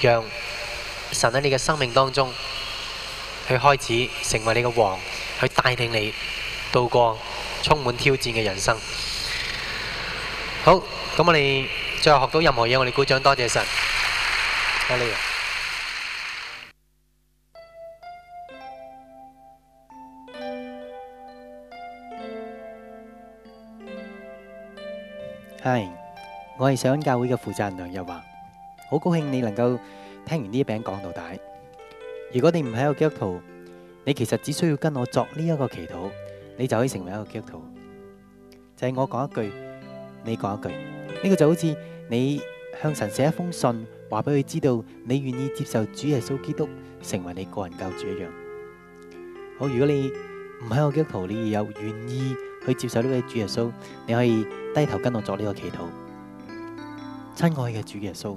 讓神喺你嘅生命當中，去開始成為你嘅王，去帶領你度過充滿挑戰嘅人生。好，咁我哋最後學到任何嘢，我哋鼓掌多謝神。阿李，係，我係上恩教會嘅負責人梁日華。好高興你能夠聽完呢一篇講道。如果你唔喺個基督徒，你其實只需要跟我作呢一個祈禱，你就可以成為一個基督徒。就係我講一句，你講一句，呢個就好似你向神寫一封信，話俾佢知道你願意接受主耶穌基督成為你個人救主一樣。好，如果你唔喺個基督徒，你又願意去接受呢位主耶穌，你可以低頭跟我作呢個祈禱。親愛嘅主耶穌。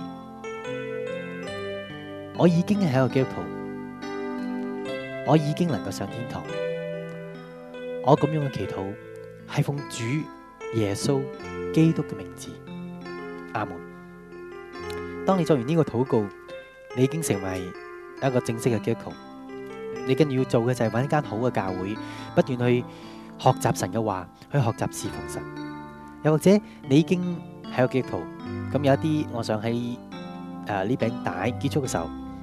我已經係一個基督徒，我已經能夠上天堂。我咁樣嘅祈禱係奉主耶穌基督嘅名字，阿門。當你作完呢個禱告，你已經成為一個正式嘅基督徒。你跟住要做嘅就係揾一間好嘅教會，不斷去學習神嘅話，去學習侍奉神。又或者你已經係一個基督徒，咁有一啲，我想喺誒呢餅帶結束嘅時候。